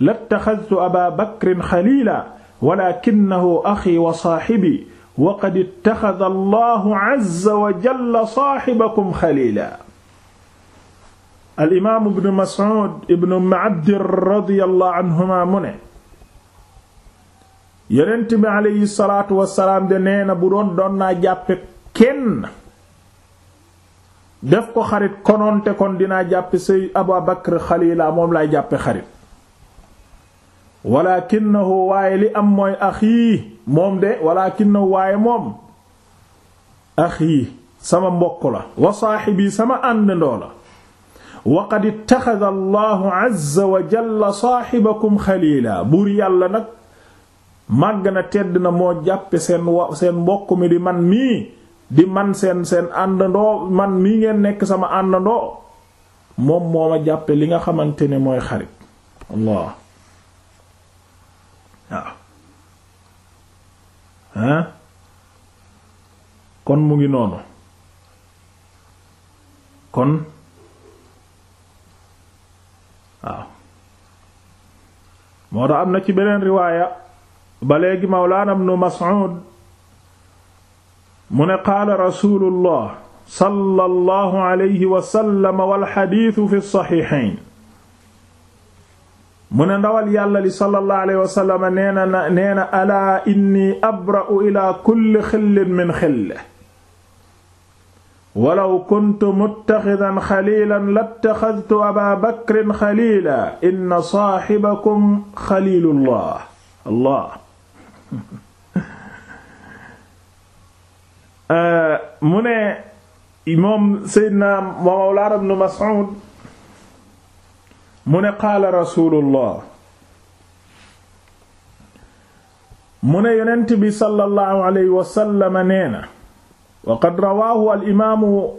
lattaxadtu aba bakrin xalila walakinahu axi wa saaxibi wa qad ittaxada allahu azza wa jalla saaxibakum xalila al imaamu ibnu Mas'ud ibnu Abd radiyallahu anhuma mu ne yonent bi aleyhi salaatu wasalaam de nee na bu doon doon naa jàppe kenn def ko xarit kononte kon dinaa jàppe say Abu Bakr xalila moom laay jàppe xarit walakinahu waaye li am mooy axi moom de walakinahu waaye moom axi sama mbokk la wa saaxibi sama àndandoo la wa qad ittaxada allahu azza wa saaxibakum xalila buur yàlla nag màgg na tedd na moo jàppe seen wa seen mbokk mi di man mii di man seen seen àndandoo man mii ngeen nekk sama àndandoo moom moo ma jàppe li nga xamante ne mooy xarit Allah waaw ah kon mu ngi noonu kon waaw moo tax am na ci beneen riwaaya ba léegi mawlaana ibnu Mas'ud mu ne qaala rasuulullah sallallahu alayhi wa sallam wal xadiisu fi saxiixayn mu ne ndawal yàlla li sallallahu alayhi wa sallam nee na nee na alaa inni abra'u ilaa kulli xillin min xille walaw kuntu muttaxidan xaliilan lattaxadtu abaa bakrin xaliila inna saaxibakum xaliilullah allah Euh, mu ne moom Seydina Mawlaana Ibn Mas'ud mu ne qaala rasulullah mu ne yonent bi sallallahu alayhi wa sallam nee na wa qad rawaahu al imaamu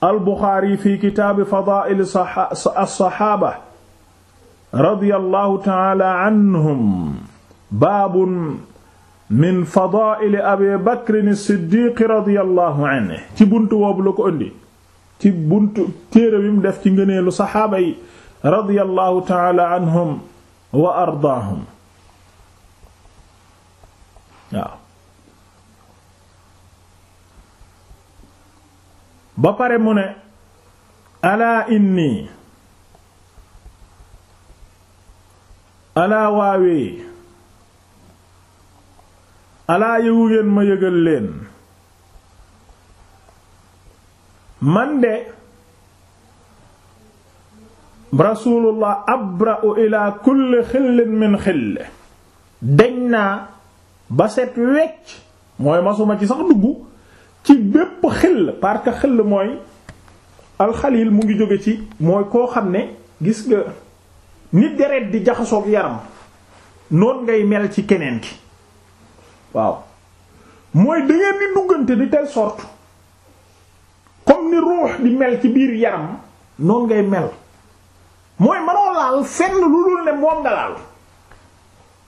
al buxaari fi kitaabi fadaa'il as-saxaaba radiyallahu ta'aala anhum baabun min fadaa'ili abi bakrin siddiiq radiyallahu anhu ci buntu boobu la ko indi ci buntu téere bi mu def ci ngëneelu saxaaba yi radiyallahu taala anhum wa ardaahum alaa yëgu ngeen ma yëgal leen man de rasulullah abra'u ila kulli xillin min xill deñ naa ba set wecc mooy masuma ci sax dugg ci bépp xill parce xill mooy alxalil mu ngi jóge ci mooy koo xam ne gis nga ni deret di jaxasoog yaram noon ngay mel ci keneen ki waaw mooy da ngeen di duggante de telle sorte comme ni ruux di mel ci biir yaram noonu ngay mel mooy manoo laal fenn lu dul ne moom nga laal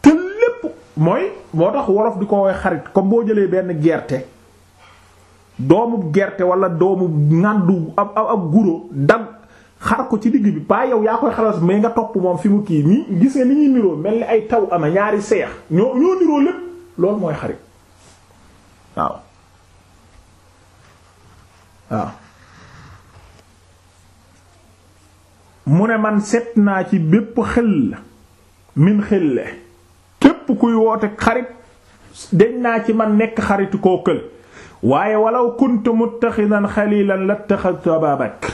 te lépp mooy moo tax wolof di ko woy xarit comme boo jëlee benn gerte doomu gerte wala doomu ŋàndu ab ab ab guro dag xar ko ci digg bi ba yow yaa koy xalas mais nga topp moom fi mu kii nii gis nga ni ñuy niroo mel ni ay taw ama ñaari seex ñoo ñoo niroo lépp loolu mooy xarit mu ne man set naa ci bépp xel min xelle képp kuy woote xarit deñ naa ci man nekk xaritu koo kël waaye walaw kuntu muttaxidan xalilan lattaxadtu aba bakr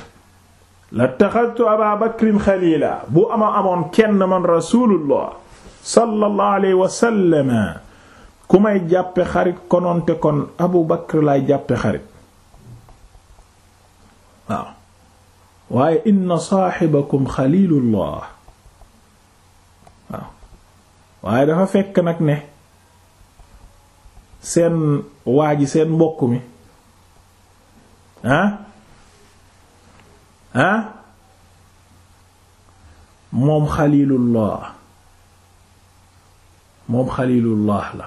lattaxadtu aba bakrin xalila bu ama amoon kenn man rasulullah sallallahu alayhi wa sallam ku may jàppe xarit kononte kon abu bakr laay jàppe xarit waaw waaye inna saaxibakum xalilullah waaw waaye dafa fekk nag ne seen waa seen mbokk mi ah ah moom xalilullah moom xalilullah la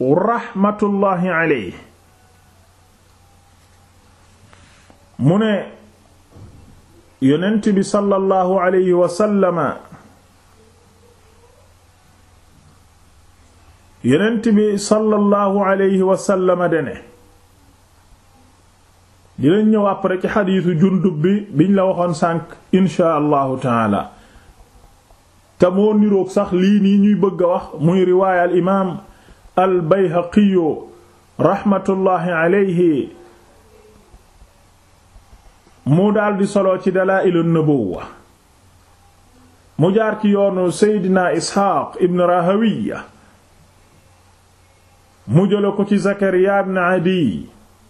raxmatullahi aleyhi mu ne yonent bi sallallahu aleyhi wasallama yonent dinañ ñëw après ci xadiisu jundub bi biñ la waxoon sànq inshaa allahu taala te niroog sax lii nii ñuy bëgg wax muy riwaaya al albayhaqiyu raxmatullahi alayhi mu daldi solo ci dalaa'ilu nubuwa mu jaar ci yoonu seydina isxaaq ibn rahawiya mu jële ko ci zakariya ibn adiy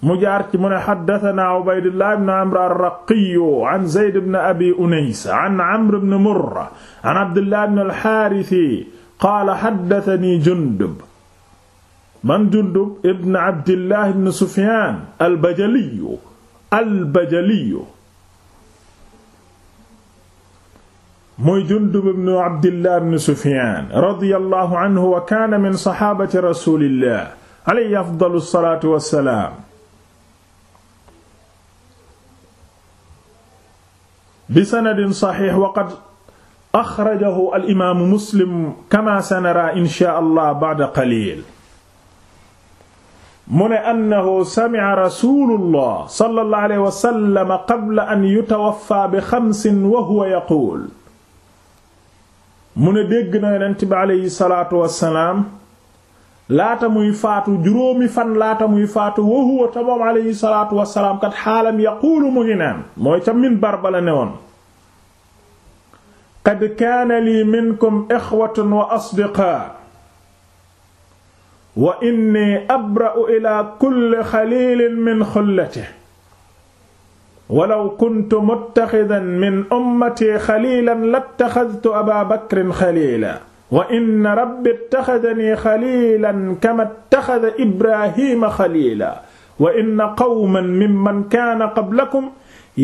mu jaar ci mu ne xaddatanaa ubaydullah ibn amr arraqiyu an zeyd ibn abi unaysa an amr ibn murra an abdullah ibn alxaarisi qaala xaddatani jundub man jundub ibn abdillah ibn sufyan albajaliyu albajaliyu muy jundub ibn abdillah ibn sufyan radiyallahu anhu wa kaana min saxaabati rasulillah alayhi afdalu salaatu wa salaam bi sanadin saxiix waqad axrajahu al imaamu muslim kamaa sanara inshaa allah ba'da qaliil mu ne annahu sami'a rasulullah sallallahu alayhi wa sallam qabla an yutawaffa bi xamsin wa huwa yaquul mu ne dégg na yonent bi aleyhi salaatu wassalaam laata muy faatu juróomi fan laata muy faatu wa huwa ta moom aleyhi salaatu wassalaam kat xaalam yaquulu mu ngi naan mooy ca minbar ba la ne woon qad kaana lii minkum ixwatun wa asdiqaa wa inni abra'u ila kulli xaliilin min xullatihi walaw kuntu muttaxidan min ummatii xaliilan lattaxadtu abaa bakrin xaliilan wa inna rabbi ittaxadanii xaliilan kamaa ittaxada ibraahiima xaliilan wa inna qawman mimman kaana qablakum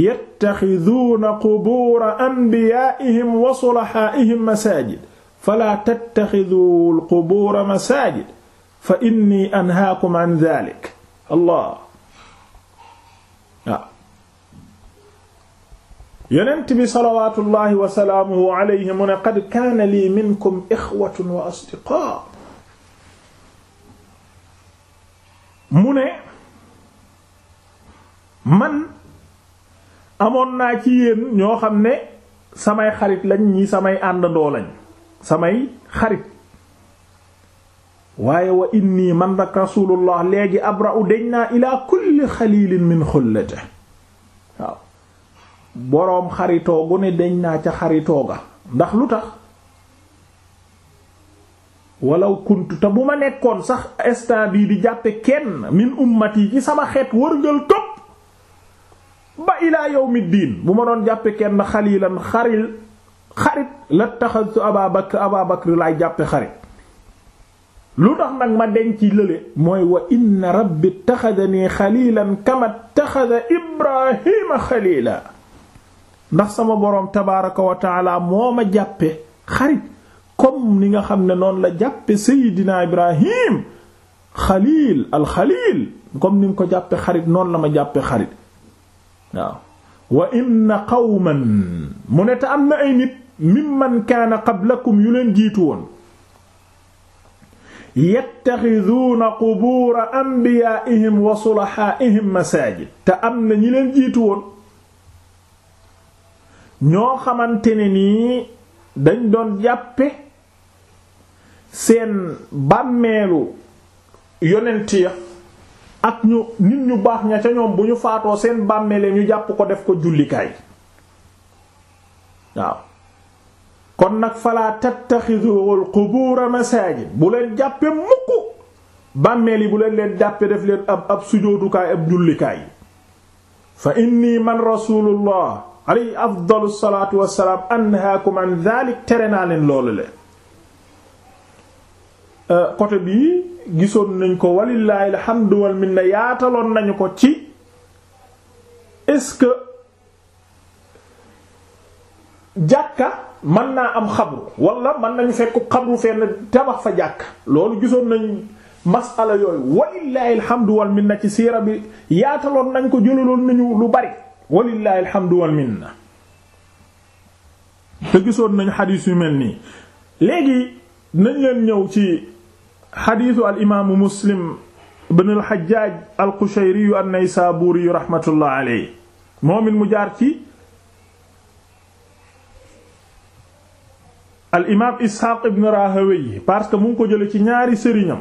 yattaxiduuna qubuura anbiyaa'ihim wa sulahaa'ihim masaajid falaa tattaxiduu al-qubuura masaajid fa inni anhaakum an dhalik allah waaw ah. yonent bi salawatullahi wa salaamuhu alayhi mu ne qad kaana lii minkum ixwatun wa asdiqaa mu man amoon naa ci yéen ñoo xam ne samay xarit lañ ñi samay àndandoo lañ samay xarit waaye wa inni man nag rasulullah léegi abra'u deñ naa ila kulli xalilin min xullate waaw boroom xaritoo gu ne deñ naa ca xaritoo ga ndax lu tax walla kuntu te bu ma nekkoon sax instant bii di jàppe kenn min yi ci sama xeet wërngal këpp ba ilaa yawmi diin bu ma doon jàppe kenn xalilan xarit la taxadtu aba bakr aba laay jàppe xarit lu tax nag ma denc lële mooy wa inna rabbi taxadanii xalilan kama taxada ibrahima xalila ndax sama boroom tabaraka wa taala moo ma jàppe xarit comme ni nga xam ne noonu la jàppe seydina ibrahim xalil al xalil ni nga ko jàppe xarit noonu la ma jàppe xarit waaw wa inna qawman mu ne te am na ay nit mimman kaana qablakum yu leen jiitu woon yattaxiduuna qubuura anbiyaa'ihim wa sulahaa'ihim masaajid te am na ñi leen jiitu woon ñoo xamante ni nii dañ doon jàppe seen bàmmeelu yonent ya ak ñu nit ñu baax ña ca ñoom bu ñu faatoo seen bàmmeele ñu jàpp ko def ko jullikaay waaw kon nag falaa tattaxiduwul qubuura masaajid bu leen jàppe mukk bàmmeel yi bu leen leen jàppe def leen ab ab sujootukaay ab jullikaay fa inni man rasulullah alayhi afdalu salaatu wassalaam anhaakum an daalik tere naa leen loolu le euh, côté bii gisoon nañ ko walillaahi alhamdu wal minna yaataloon nañu ko ci est jàkka man naa am xabru wala man nañu fekk xabru fenn tabax fa jàkk loolu gisoon nañu masala yooyu walillahi alhamdu wal minna ci siira bi yaataloon nañ ko jëlaloon nañu lu bari walillahi alhamdu wal minna te gisoon nañu xadiis yu mel nii léegi nañ leen ñëw ci xadiisu al imaamu muslim ibn al xajjaaj al qushayri an-naysaburi rahmatullah mu jaar ci al imaam Isxaaq ibn Rahawayh parce que mu ngi ko jële ci ñaari sëriñam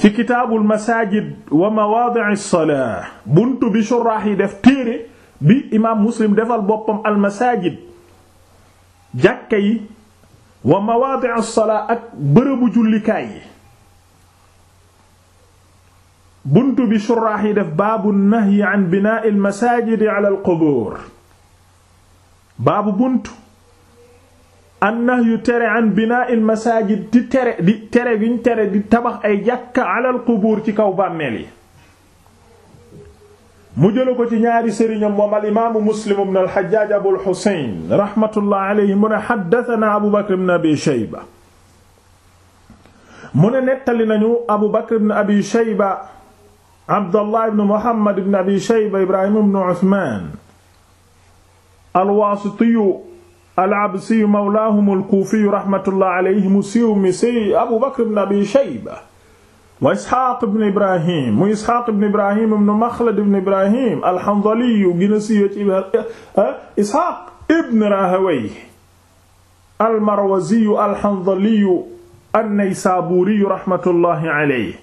ci kitaabul masaajid wa mawaadi'i salaa buntu bi suraax yi def téere bi imaam Muslim defal boppam al masaajid jàkka yi wa mawaadi'i salaa ak bërëbu jullikaay yi buntu bi suraax yi def baabu nahyi an binaa'i al masaajidi ala al qubuur baabu buntu annahyu tere an bina'il masajid di tere di tere yuñ tere di tabax ay jàkka alal qubuur ci kaw bàmmeel yi mu jëla ko ci ñaari sëriñam moom al imaamu muslim ibn al hajjaj abul husayn rahmatullah alayhi mu ne haddathana abu bakr ibn abi shayba mu ne nettali nañu abu bakr ibn abi shayba abdullah ibn muhammad ibn abi shayba ibrahim ibn uthman al wasitiyu al-Absiyu mawlaahum al-Kuufiyu rahmatullahi alayhi mu siiw mi si Abu Bakr ibn Abi Shayba wa Isxaaq ibn Ibrahim mu Isxaaq ibn Ibrahim ibn Maxlad ibn Ibrahim al-Hanzaliyu gën a siiwee ci ah, Isxaaq ibn Rahawayh al-Marwaziyu al-Hanzaliyu an-Naysaabuuriyu rahmatullahi alayhi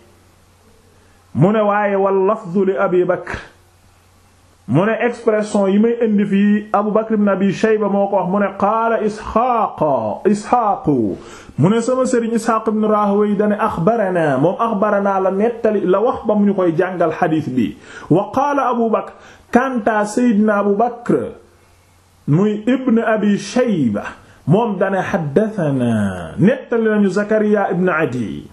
mu ne waaye wal lafzu li Abi Bakr mu ne expression yi may indi fii Abu Bakr ibn Abi Shayba moo ko wax mu ne qaala Isxaaq Isxaaq mu ne sama sëriñ Isxaaq ibn Rahawayh dane axbarana moom axbarana la nettali la wax ba mu ñu koy jàngal xadiis bi wa qaala Abu Bakr kanta Seydina Abu Bakr muy ibn Abi Shayba moom dane xaddatana nettali nañu Zakariya ibn Adi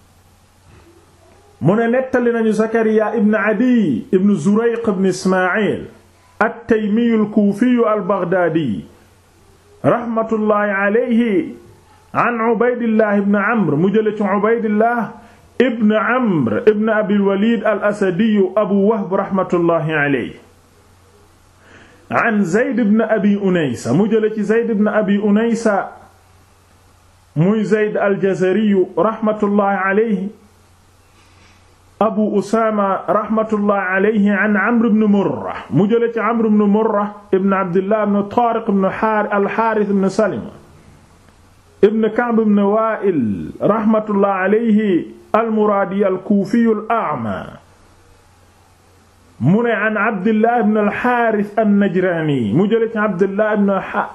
mu ne nettali nañu Zakariya ibn Adi ibn Zurayq ibn Ismaayil at-Taymiyul Kuufiyu al-Baghdaadi rahmatullahi alayhi an Ubaydillah ibn Amr mu jële ci Ubaydillah ibn Amr ibn Abil Waliid al-Asadiyu Abu Wahb rahmatullahi alayhi an Zayd ibn Abi Unaysa mu jële ci Zayd ibn Abi Unaysa muy Zayd al-Jazariyu rahmatullahi alayhi abu usama rahmatullah alayhi an amr ibn murra mu jële ci amr ibn murra ibn abdillah ibn tariq ibn alxaaris ibn salima ibn ka'b ibn wa'il rahmatullah alayhi almuraadi alkuufi al'a'ma mu ne an abdillah ibn alxaaris annajraani mu jële ci abdillah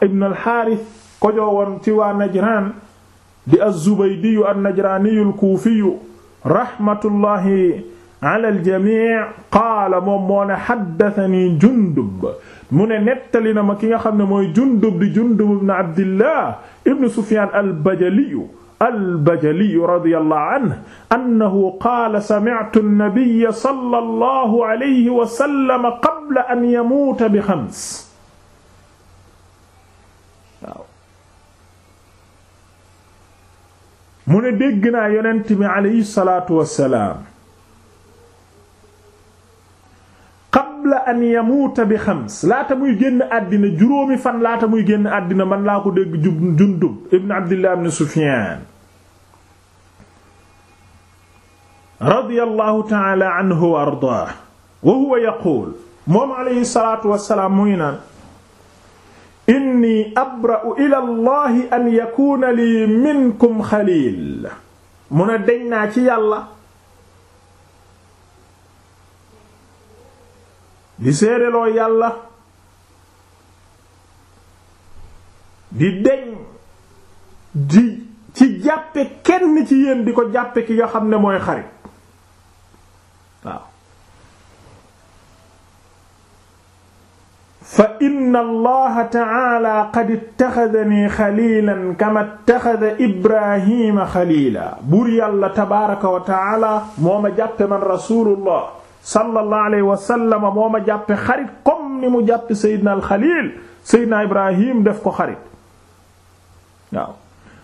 ibn alxaaris ko joowoon ci waa najraan di azzubaydi annajraani alkuufi rahmatullahi ala aljamii qaala moom moo ne xaddatani jundub mu ne nettali na ma ki nga xam ne mooy jundub di jundub ibn abdillah ibn sufyan albajaliyu albajaliyu radiyallahu anhu annahu qaala sami'tu an-nabiyya sallallahu alayhi wa sallam qabla an yamuuta bi xams mu ne dégg naa yonent bi aleyhi salaatu wassalaam qabla an yamuuta bi xams laata muy génn àddina juróomi fan laata muy génn àddina man laa ko dégg jub jundub ibn abdillah ibn sufyaan radiyallahu taala anhu wa ardaah wa huwa yaquul moom aleyhi salaatu wassalaam mu ngi naan inni abra'u ila allahi an yakuna li minkum xalil mun a deñ naa ci yàlla di séedeloo yàlla di deñ di ci jàppe kenn ci yéen di ko jàppe ki nga xam ne mooy xarit fa inna allaha taala qad ittaxadanii xalilan kama ittaxada ibrahima xalila buur yàlla tabaraka wa taala moo ma jàppe man rasulullah sallallahu alayhi wa sallam moo ma jàppe xarit comme ni mu jàppe seydina al xalil seydina ibrahim def ko xarit waaw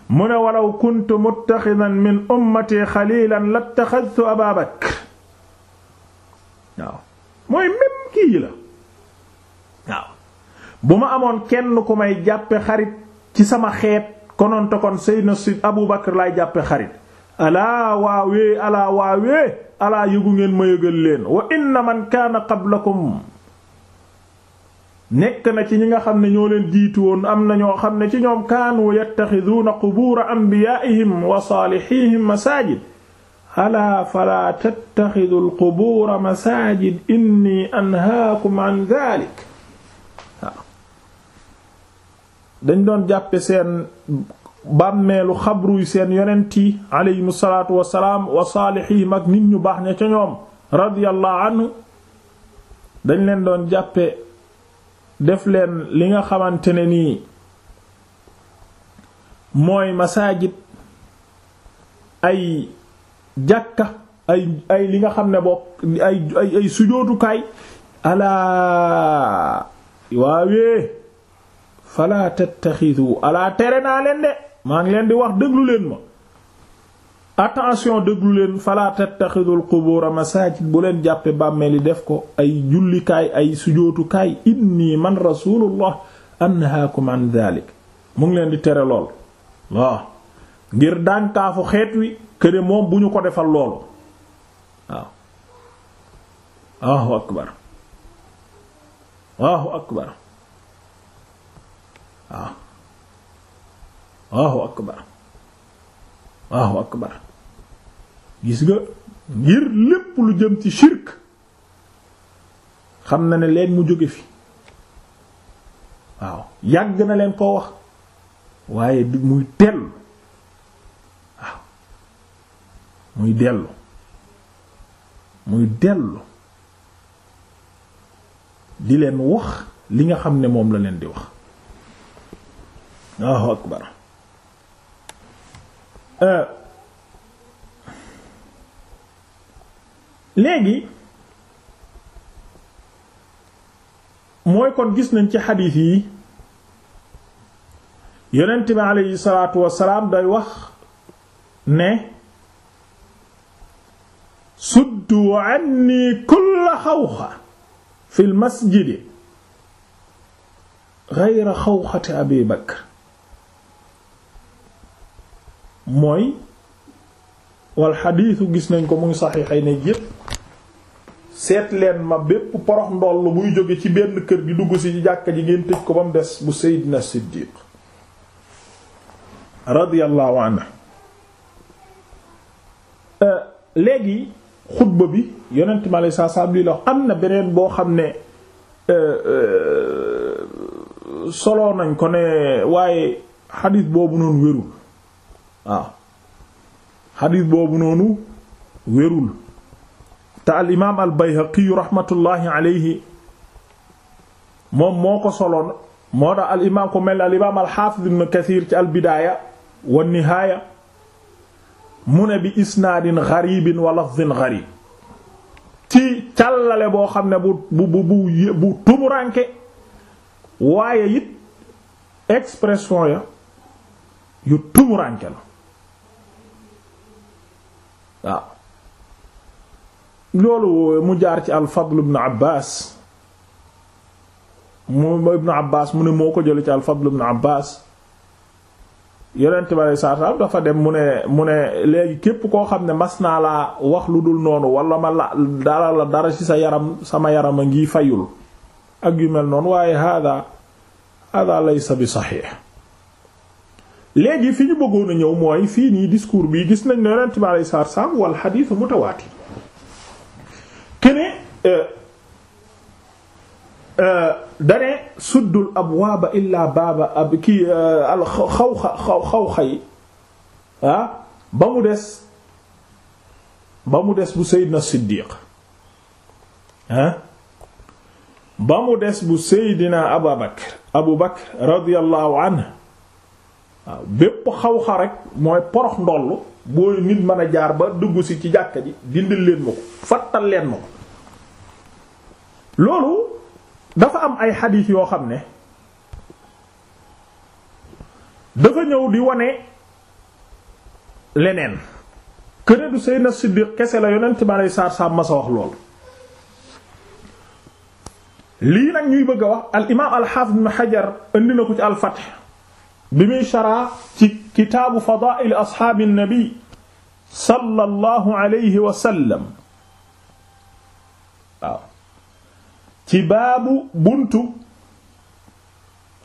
mu ne walaw kuntu muttaxidan min ummati xalilan lattaxadtu aba bakr waaw mooy même kii la bu ma amoon kenn ku may jàppe xarit ci sama xeet konoon te kon Abu Bakr lay jàppe xarit alaa waawee alaa waawee alaa yëgu ma yëgal leen wa inna man kaana qablakum nekk na ci ñi nga xam ne ñoo leen jiitu am na ñoo xam ne ci ñoom kaanu yattaxiduuna qubuura anbiyaa'ihim wa saalihiihim masaajid alaa falaa tattaxidul qubuura masaajid inni anhaakum an daalik dañ doon jàppe seen bàmmeelu xabruy seen yonent yi aleyhim salaatu wasalaam wa saalihihim ak nit ñu baax ña ca ñoom radiyallahu dañ leen doon jàppe def leen li nga xamante ne nii mooy masaajid ay jàkka ay li nga xam ne bokk waawee fala tattaxidu alaa tere naa leen de maa ngi leen di wax déglu leen ma attention déglu leen fala tattaxidul qubuura masaajid bu leen jàppe bàmmeel yi def ko ay jullikaay ay sujootukaay inni man rasulullah anhaakum an dalik mu ngi leen di tere lool waaw ngir dànkaafu xeet wi këne moom bu ñu ko defal loolu waaw waaw ah. Allahu waaw Allahu akbar gis nga ngir lépp lu jëm ci shirk xam na ne leen mu jóge fi waaw yàgg na leen koo wax waaye du muy dellu waaw muy dellu muy dellu di leen wax li nga xam ne moom la leen di wax Allahu euh, léegi mooy kon gis nañ ci xadiis yi yonent bi aleyhi salaatu wasalaam day wax ne suddu anni kulla xawxa fi l masjidi geyra xawxati abi bakr mooy wal xadiisu gis nañ ko muy saxiixay na yépp seet leen ma bépp porox ndoll buy jóge ci benn kër gi dugg si ci jàkka ji ngeen tëj ko ba mu des bu Seydina Siddiq radiyallahu anhu euh, léegi xutba bi yonent mi alay saa salaam lii la am na beneen boo xam ne euh, euh, solo nañ ko ne waaye xadiis boobu noonu wérul waaw xadiis boobu noonu wérul te al imaam al bayhaqi raxmatullaahi alayhi moom moo ko soloon moo tax al imaam mel al imaam al xaafiz ibn kasiir ci al bidaaya wa nihaaya mu ne bi isnaadin gariibin wa lafdin gariib ci càllale boo xam ne bu bu bu bu waaye it expression ya yu tumuranke la waaw ah. loolu mu jaar ci al-Fadl ibn Abbas mu ibn Abbas mu ne moo ko jële ci al-Fadl ibn Abbas yonent bi saa saa dafa dem mu ne mu ne léegi képp koo xam ne mas naa laa wax lu dul noonu wala ma la dara la dara ci sa yaram sama yaram a ngi fayul ak yu mel noonu waaye hada hada laysa bi saxiix léegi fi ñu bëggoon a ñëw mooy fii nii discours bi gis nañ ne yonent bi alayhi salaatu salaam wal xadiis mutawaatir kene euh, euh, dane suddul abwaaba illaa baaba ab ki euh, al xaw xaw xaw xay ah ba mu des ba mu des bu Seydina Siddiq ba mu des bu Seydina Abubakar Abubakar radiyallahu anhu waaw bépp xaw-xa rek mooy porox ndoll booy nit mën a jaar ba dugg si ci jàkka ji dindil leen ma ko fattal leen ma ko loolu dafa am ay xadiis yoo xam ne dafa ñëw di wane leneen këne du Seydina Siddiq kese la yonent ma lay saar saam ma sa wax loolu lii nag ñuy bëgg a wax al imaam al indi na ko ci al bi muy sharaa ci kitaabu fadaa'il asxaabi nabi sallallahu alayhi wa sallam waaw ci baabu buntu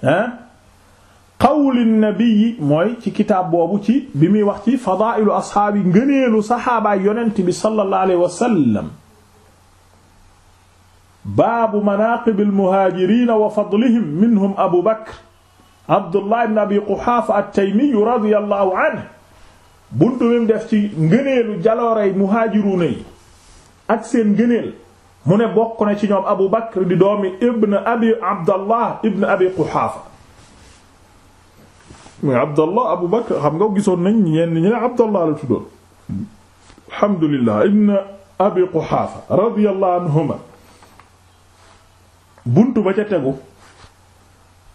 ah qawli nabi mooy ci kitaab boobu ci bi muy wax ci fadaa'ilu asxaabi ngëneelu saxaabaay yonent bi sallallahu alayhi wa sallam baabu manaaqibil muhaajiriina wa fadlihim minhum Abu Bakr Abdullah ibn Abi Quhaafa at-Taymi radiyallahu buntu bi def ci ngëneelu jaloorey muhaajiruuna yi ak seen ngëneel mu ne bokk ci ñoom Abu Bakr di doomi ibn Abi Abdallah muy Abdallah Abu Bakr xam nga gisoon nañ ñenn ñi ne Abdallah la tuddoon alhamdulillah ibn Abi Quhaafa radiyallahu anhuma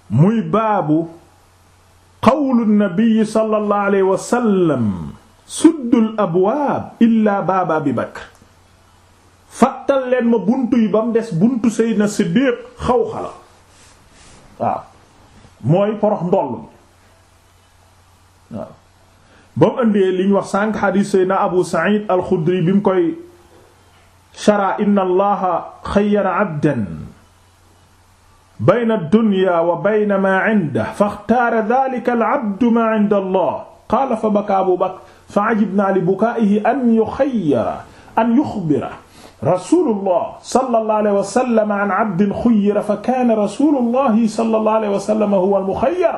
muy baabu qawlu nabii sallallahu alayhi wa sallam suddul abwaab illaa baaba abi leen ma buntu yi ba mu des buntu seydina siddiq xaw xala mooy porox ndoll bi waaw ba mu ëndee liñ wax sànq xadiis seydina abu sa'id al-xudri bi mu koy shara inna allaha xayyara bayna dunya wa bayna maa indahu faxtaara daalika al-abdu maa inda Allah qaala fa bakaa Abuu Bakr fa-ajibnaa li bukaa'ihi an yuxayyara an yuxbira rasuulullah sallallahu alayhi wa sallam an abdin xuyyira fa kaana rasuulullah sallallahu alayhi wa sallam huwa al-muxayyar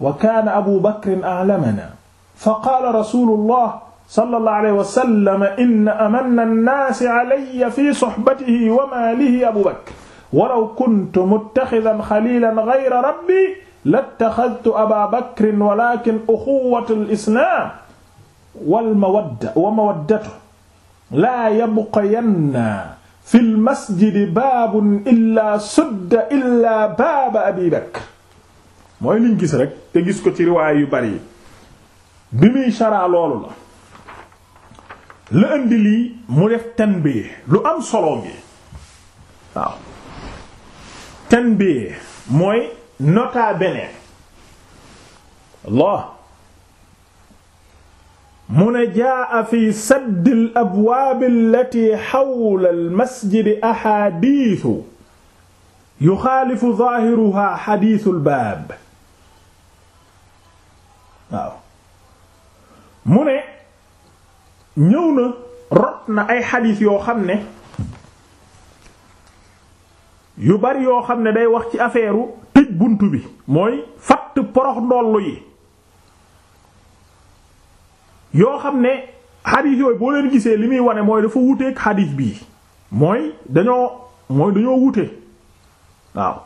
wa kaana Abuu Bakrin a'lamanaa fa qaala rasuulullah sallallahu alayhi wa sallam inna amanna an-naasi alayya fii suhbatihi wa maalihi Abuu Bakr walaw kuntu muttaxidan xalilan gayra rabbi lattaxadtu aba bakrin walakin uxuwatu lislaam wal mawadda wa mawaddatu laa yabqayanna fi lmasjidi baabun illaa sudda illaa baaba abi bakr mooy liñ gis rek te gis ko ci riwaay yu bari bi muy sharaa loolu la la indi lii mu def tanbih lu am solo mi waaw tanbih mooy nota bene Allah mu ne jaa fi sadd al abwaab allati xawla al masjid axaadiisu yuxaalifu zaahiruha xadiisu al baab waaw mu ne ñëw na rot na ay xadiis yoo xam ne yu bari yoo xam ne day wax ci affaire tëj bunt bi mooy fatt porox ndollu yi yoo xam ne xadiis yooyu boo leen gisee li muy wane mooy dafa wuteeg xadiis bii mooy dañoo mooy dañoo wute waaw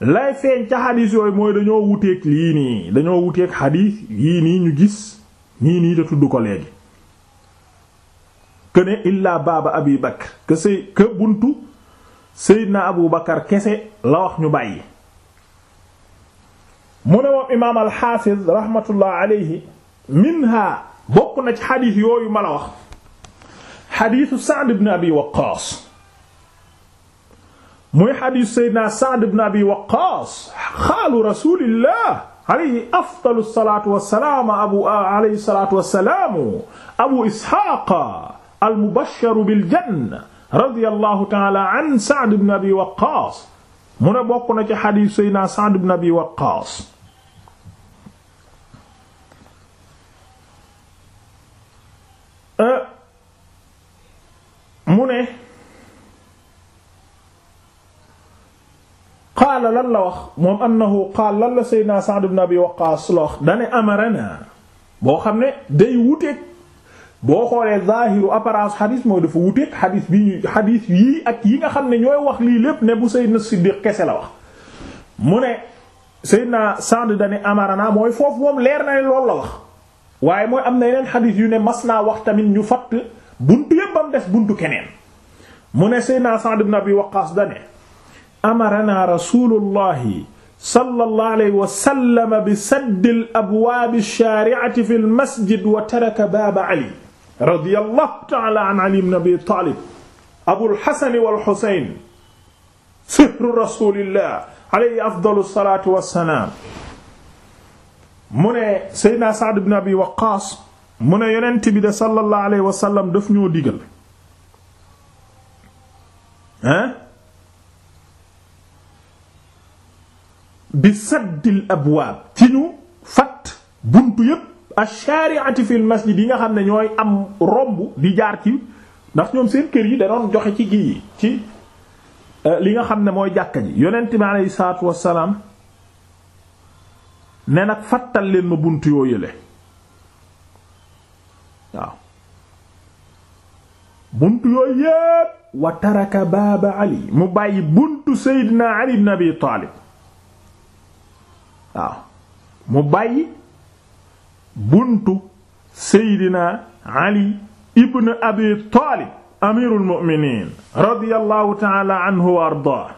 lay feeñ ca xadiis yooyu dañoo wuteeg lii nii yii nii ñu gis nii nii te tudd ko léegi que ne illa baaba abi bakr que c'est buntu Seydina Abu Bakar kese la wax ñu bàyyi mu ne moom imaam alxaafiz rahmatullah alayhi minha bokk na ci xadiis yooyu ma la wax xadiisu Sa'd ibn Abi Waqqaas muy xadiis Seydina Sa'd ibn Abi Waqqaas xaalu rasulillah alayhi afdalu salaatu wa salaam abu alayhi salaatu wa salaam abu Isxaaq al-mubashshar bil janna radiyallahu taala an Sa'd ibn Abi Waqqaas mu ne bokk na ci xadiis Seydina Sa'd ibn Abi Waqqaas eh, mu ne qaala lan la wax moom annahu qaal lan la Seydina Sa'd ibn Abi Waqqaas la wax dane amarana boo xam ne day wuteek boo xoolee zahiru apparence xadis mooy defu wuteeg xadis bi ñu xadis yii ak yi nga xam ne ñooy wax lii lépp ne bu Seydina Siddiq kese la wax mu ne Seydina Sa'd dane amarana mooy foofu moom leer na ne loolu la wax waaye mooy am na yeneen xadis yu ne mas naa wax tamit ñu fatt buntu yépp bam des buntu keneen mu ne Seydina Sa'd ibn Abi Waqqas dane amarana rasulullahi sallallahu alayhi wa sallam bi saddil abwaabi shaari'ati fil masjid wa taraka baaba Ali radiyallahu ta'ala an ali ibn abi taalib abul xasan wal xusayn sihru rasulillah alayhi afdalu salaatu wassalaam mu ne seydna Saad ibn abi waqaas mu ne yonent bi de sallallahu alayhi wa sallam daf ñoo digal hein bi saddil abwaab ci ñu fatt buntu yépp ash-shari'ati fil masjid yi nga xam ne ñooy am romb di jaar ci ndax ñoom seen kër yi da joxe ci kii yi ci euh, li nga xam ne mooy jàkka ji yonent bi aleyhi salaatu wassalaam ne leen ma bunt yoo yële waaw bunt yooyu yépp wa taraka baaba ali mu bàyyi buntu seydina ali ibn abi taalib waaw mu bàyyi buntu seydina ali ibn abi taalib amirul mu'miniin radiyallahu ta'ala anhu wa ardaa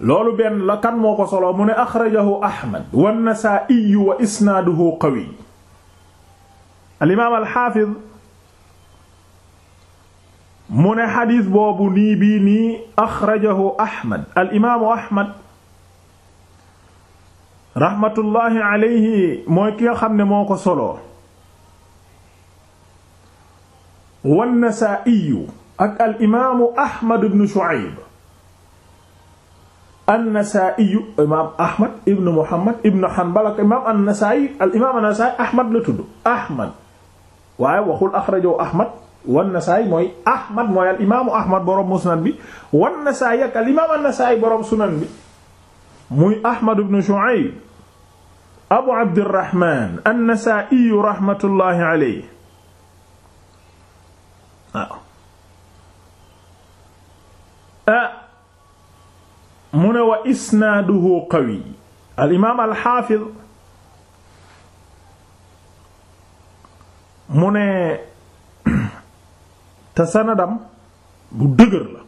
loolu benn la kan moo ko soloo mu ne axrajahu ahmad wa nasaa'i wa isnaaduhu qawi alimaam alxaafiz mu ne xadiis boobu nii bii nii axrajahu ahmad alimaamu ahmad raxmatullaahi alayhi mooy ki nga xam ne moo ko soloo wannasaa'iyu ak al imaamu ahmad ibn shu'ayb annasaa'iyu imaam ahmad ibn muhammad ibn hanbal ak imaam annasaa'i al imaam annasaa'i ahmad la tudd ahmad waaye waxul axrajahu ahmad wannasaa'i mooy ahmad mooy al imaamu ahmad boroom musnad bi wannasaa'i ak al imaam annasaa'i boroom sunan bi muy Ahmad ibn Shu'ayb Abu Abdirrahman an-Nasaa'i rahmatullahi alayhi waaw mu ne wa isnaaduhu qawi al-imaam al-Haafiz mu ne te sanadam bu dëgër la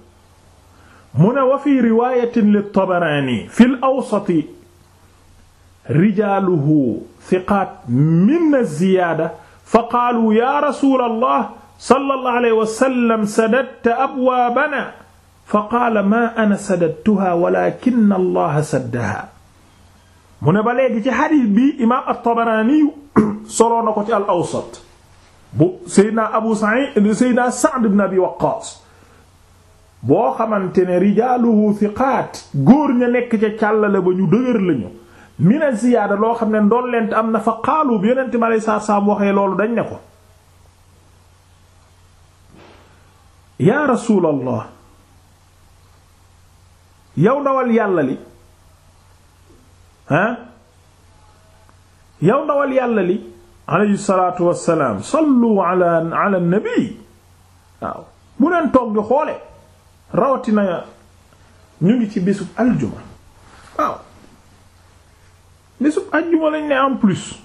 mu ne wa fi riwaayatin li Tabaraani fi al-awsati rijaaluhu thiqaat min az-ziyaada fa qaalu yaa rasuulallah sallallahu alayhi wa sallam sadadta abwaabanaa fa qaala maa ana sadadtuhaa walaakinna Allaha saddahaa mu ne ba léegi ci xadiis bi imaam at-Tabaraani soloo na ko ci al-awsat bu Seydina Abu Sa'iid Seydina Sa'd ibn Abi Waqqaas boo xamante ne rijaaluhu thiqaat góor ña nekk ca càllale ba ñu dëgër lañu mina ziyaada loo xam ne ndollent am na fa xaalu bi yonent mi aleyhi salaatu salaam waxee loolu dañ ne ko yaa rasuulallah yow ndawal yàlla li ah yow ndawal yàlla li aleyhi salaatu wassalaam sallu ala mu neen toog di xoole rawatina ñu ngi ci bésub aljuma waaw bésub aljuma lañ ne en plus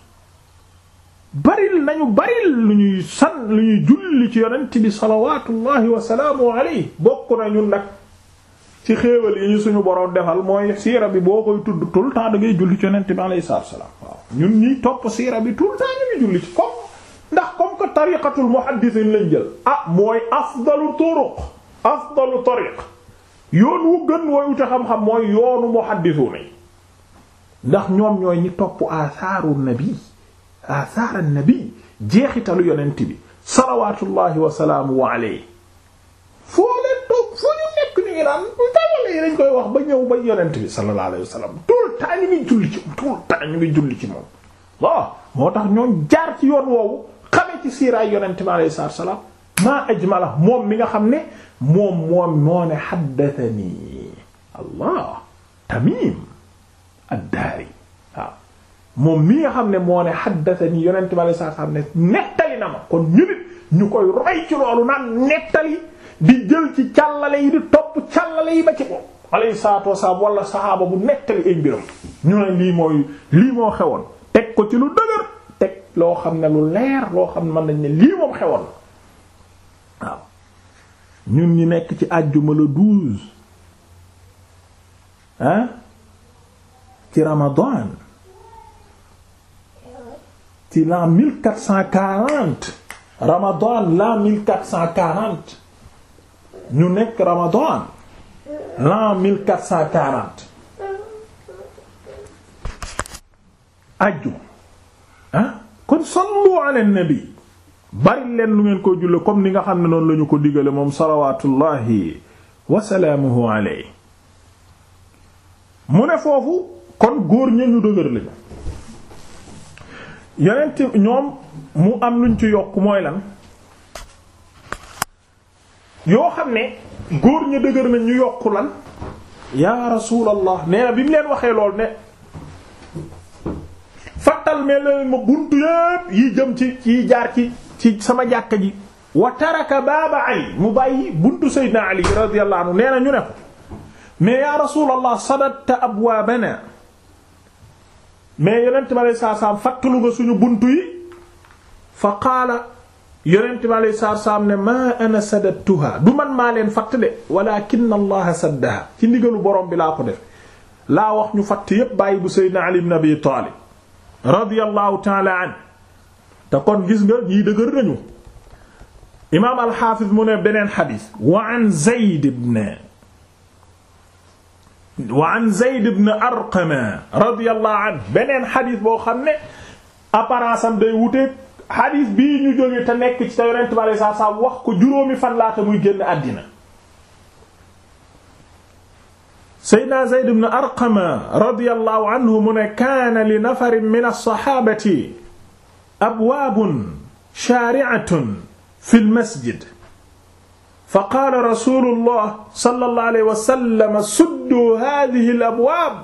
baril nañu baril lu ñuy san lu ñuy julli ci yonent bi salawatullahi wasalaamu alayhi bokk na ñun nag ci xéewal yi ñu suñu boroom defal mooy siira bi boo koy tudd tout le temps da ngay julli ci yonent bi alayhi salaatu waaw ñun ñuy topp siira bi tout le temps ñu julli ci comme ndax comme que tariqatul muhaddisiin lañ jël ah mooy afdalu turuq afdalu tariq yoon wu gën wooy ute xam-xam mooy yoonu muhaddisuuna yi ndax ñoom ñooy ñi topp athaaru nabi athaara nabi jeexitalu yonent bi salawatullahi wasalaamu alayhi foo leen toog foo ñu nekk ñu ngi naan tawala yi dañ koy wax ba ñëw ba yonent bi sallallahu alayhi wasallam tout le temps ñu ngi julli ci moom ñu ngi julli ci moom waaw moo tax ñoom jaar ci yoon woowu xamee ci siiraay yonent bi alayhi salaatu maa ajmala moom mi nga xam ne moom moom moone ne xaddatani allah tamim addaari waaw moom mi nga xam ne moone ne xaddatani yonent bi alei sat xam ne nettali na ma kon ñu nit ñu koy roy ci loolu naan nettali di jël ci càllale yi di topp càllale yi ba ci ko alayhi salaatu wasalaam wala saxaaba bu nettali ay mbiram ñu ne lii mooy lii moo xewoon teg ko ci lu dëgër teg loo xam ne lu leer loo xam ne mën nañ ne lii moom xewoon ñun ñi nekk ci àjjuma le douze ah ci Ramadan ci l'an mille quatre ñu nekk Ramadan l'an mille quatre cent quarante àjjuma ah kon sallu ala nabi bari leen lu ngeen koy julle comme ni nga xam ne noonu lañu ko digale moom salawaatullahi wasalaamuhu alayhi mu ne foofu kon góor ña ñu dëgër lañu yeneen ñoom mu am luñ ci yokk mooy lan yoo xam ne góor ña dëgër nañ ñu yokk lan yaa rasuulallah nee na bi mu leen waxee lool ne fattal mee leen ma buntu yépp yi jëm ci yi jaar ci sama jàkka ji wa taraka baaba ali mu bàyyi buntu sayyidina ali radiyallahu anhu nee na ñu ne ko mais ya rasulallah sadatta abwaabana mais yonent bi alei satu salaam fattulu nga suñu bunt yi fa qaala yonent bi salaam ne ma ana sadattuha du man maa leen fatt de walakin allaha saddaha ci ndigalu borom bi laa ko def laa wax ñu fatt yépp bàyyi bu sayyidina ali ibn abi taalib radiyallahu ta'ala anhu te kon gis nga ñii dëgër nañu imaam alxaafiz mu ne beneen xadis wa an boo xam ne apparence am day wuteeg xadis bii ñu jógee te nekk ci te yonent bi alayhi wax ko juróomi fan muy génn àddina Seydina Zayd ibn Arqama radiyallahu anhu mu ne kaana li nafarin min as-sahaabati abwaabun shaari'atun fil masjid fa qaala rasuulullah sallallahu alayhi wa sallam sudduu haadihi al abwaab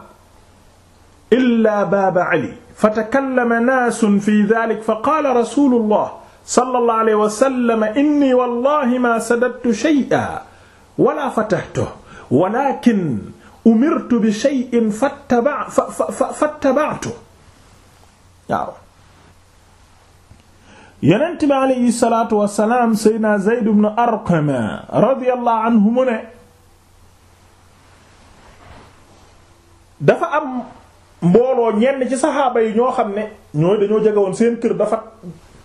illaa baaba Ali fa takallama naasun fi daalik fa qaala rasuulullah sallallahu alayhi wa sallam inni wallaahi maa sadadtu shay'an wala fatahtuhu walaakin umirtu bi shay'in fattaba'tuhu waaw yonent bi aleyhi salaatu wassalaam seydna zeyd bnu arqama radiyallahu anhu mu ne dafa am mbooloo ñenn ci saxaaba yi ñoo xam ne ñooy dañoo jege woon seen kër dafa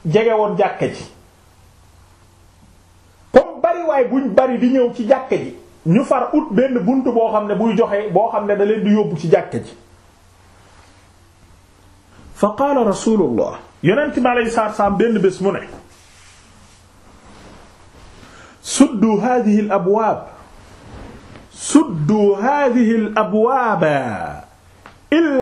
jege woon jàkka ji comme bari waay buñ bari di ñëw ci jàkka ji ñu far ut benn bunt boo xam ne buy joxe boo xam ne da leen di yóbbu ci jàkka ji fa qaala rasulullah yonent bi alayhi salaatu salaam benn bés mu ne suddu haadihi al abwaab suddu haadihi al abwaaba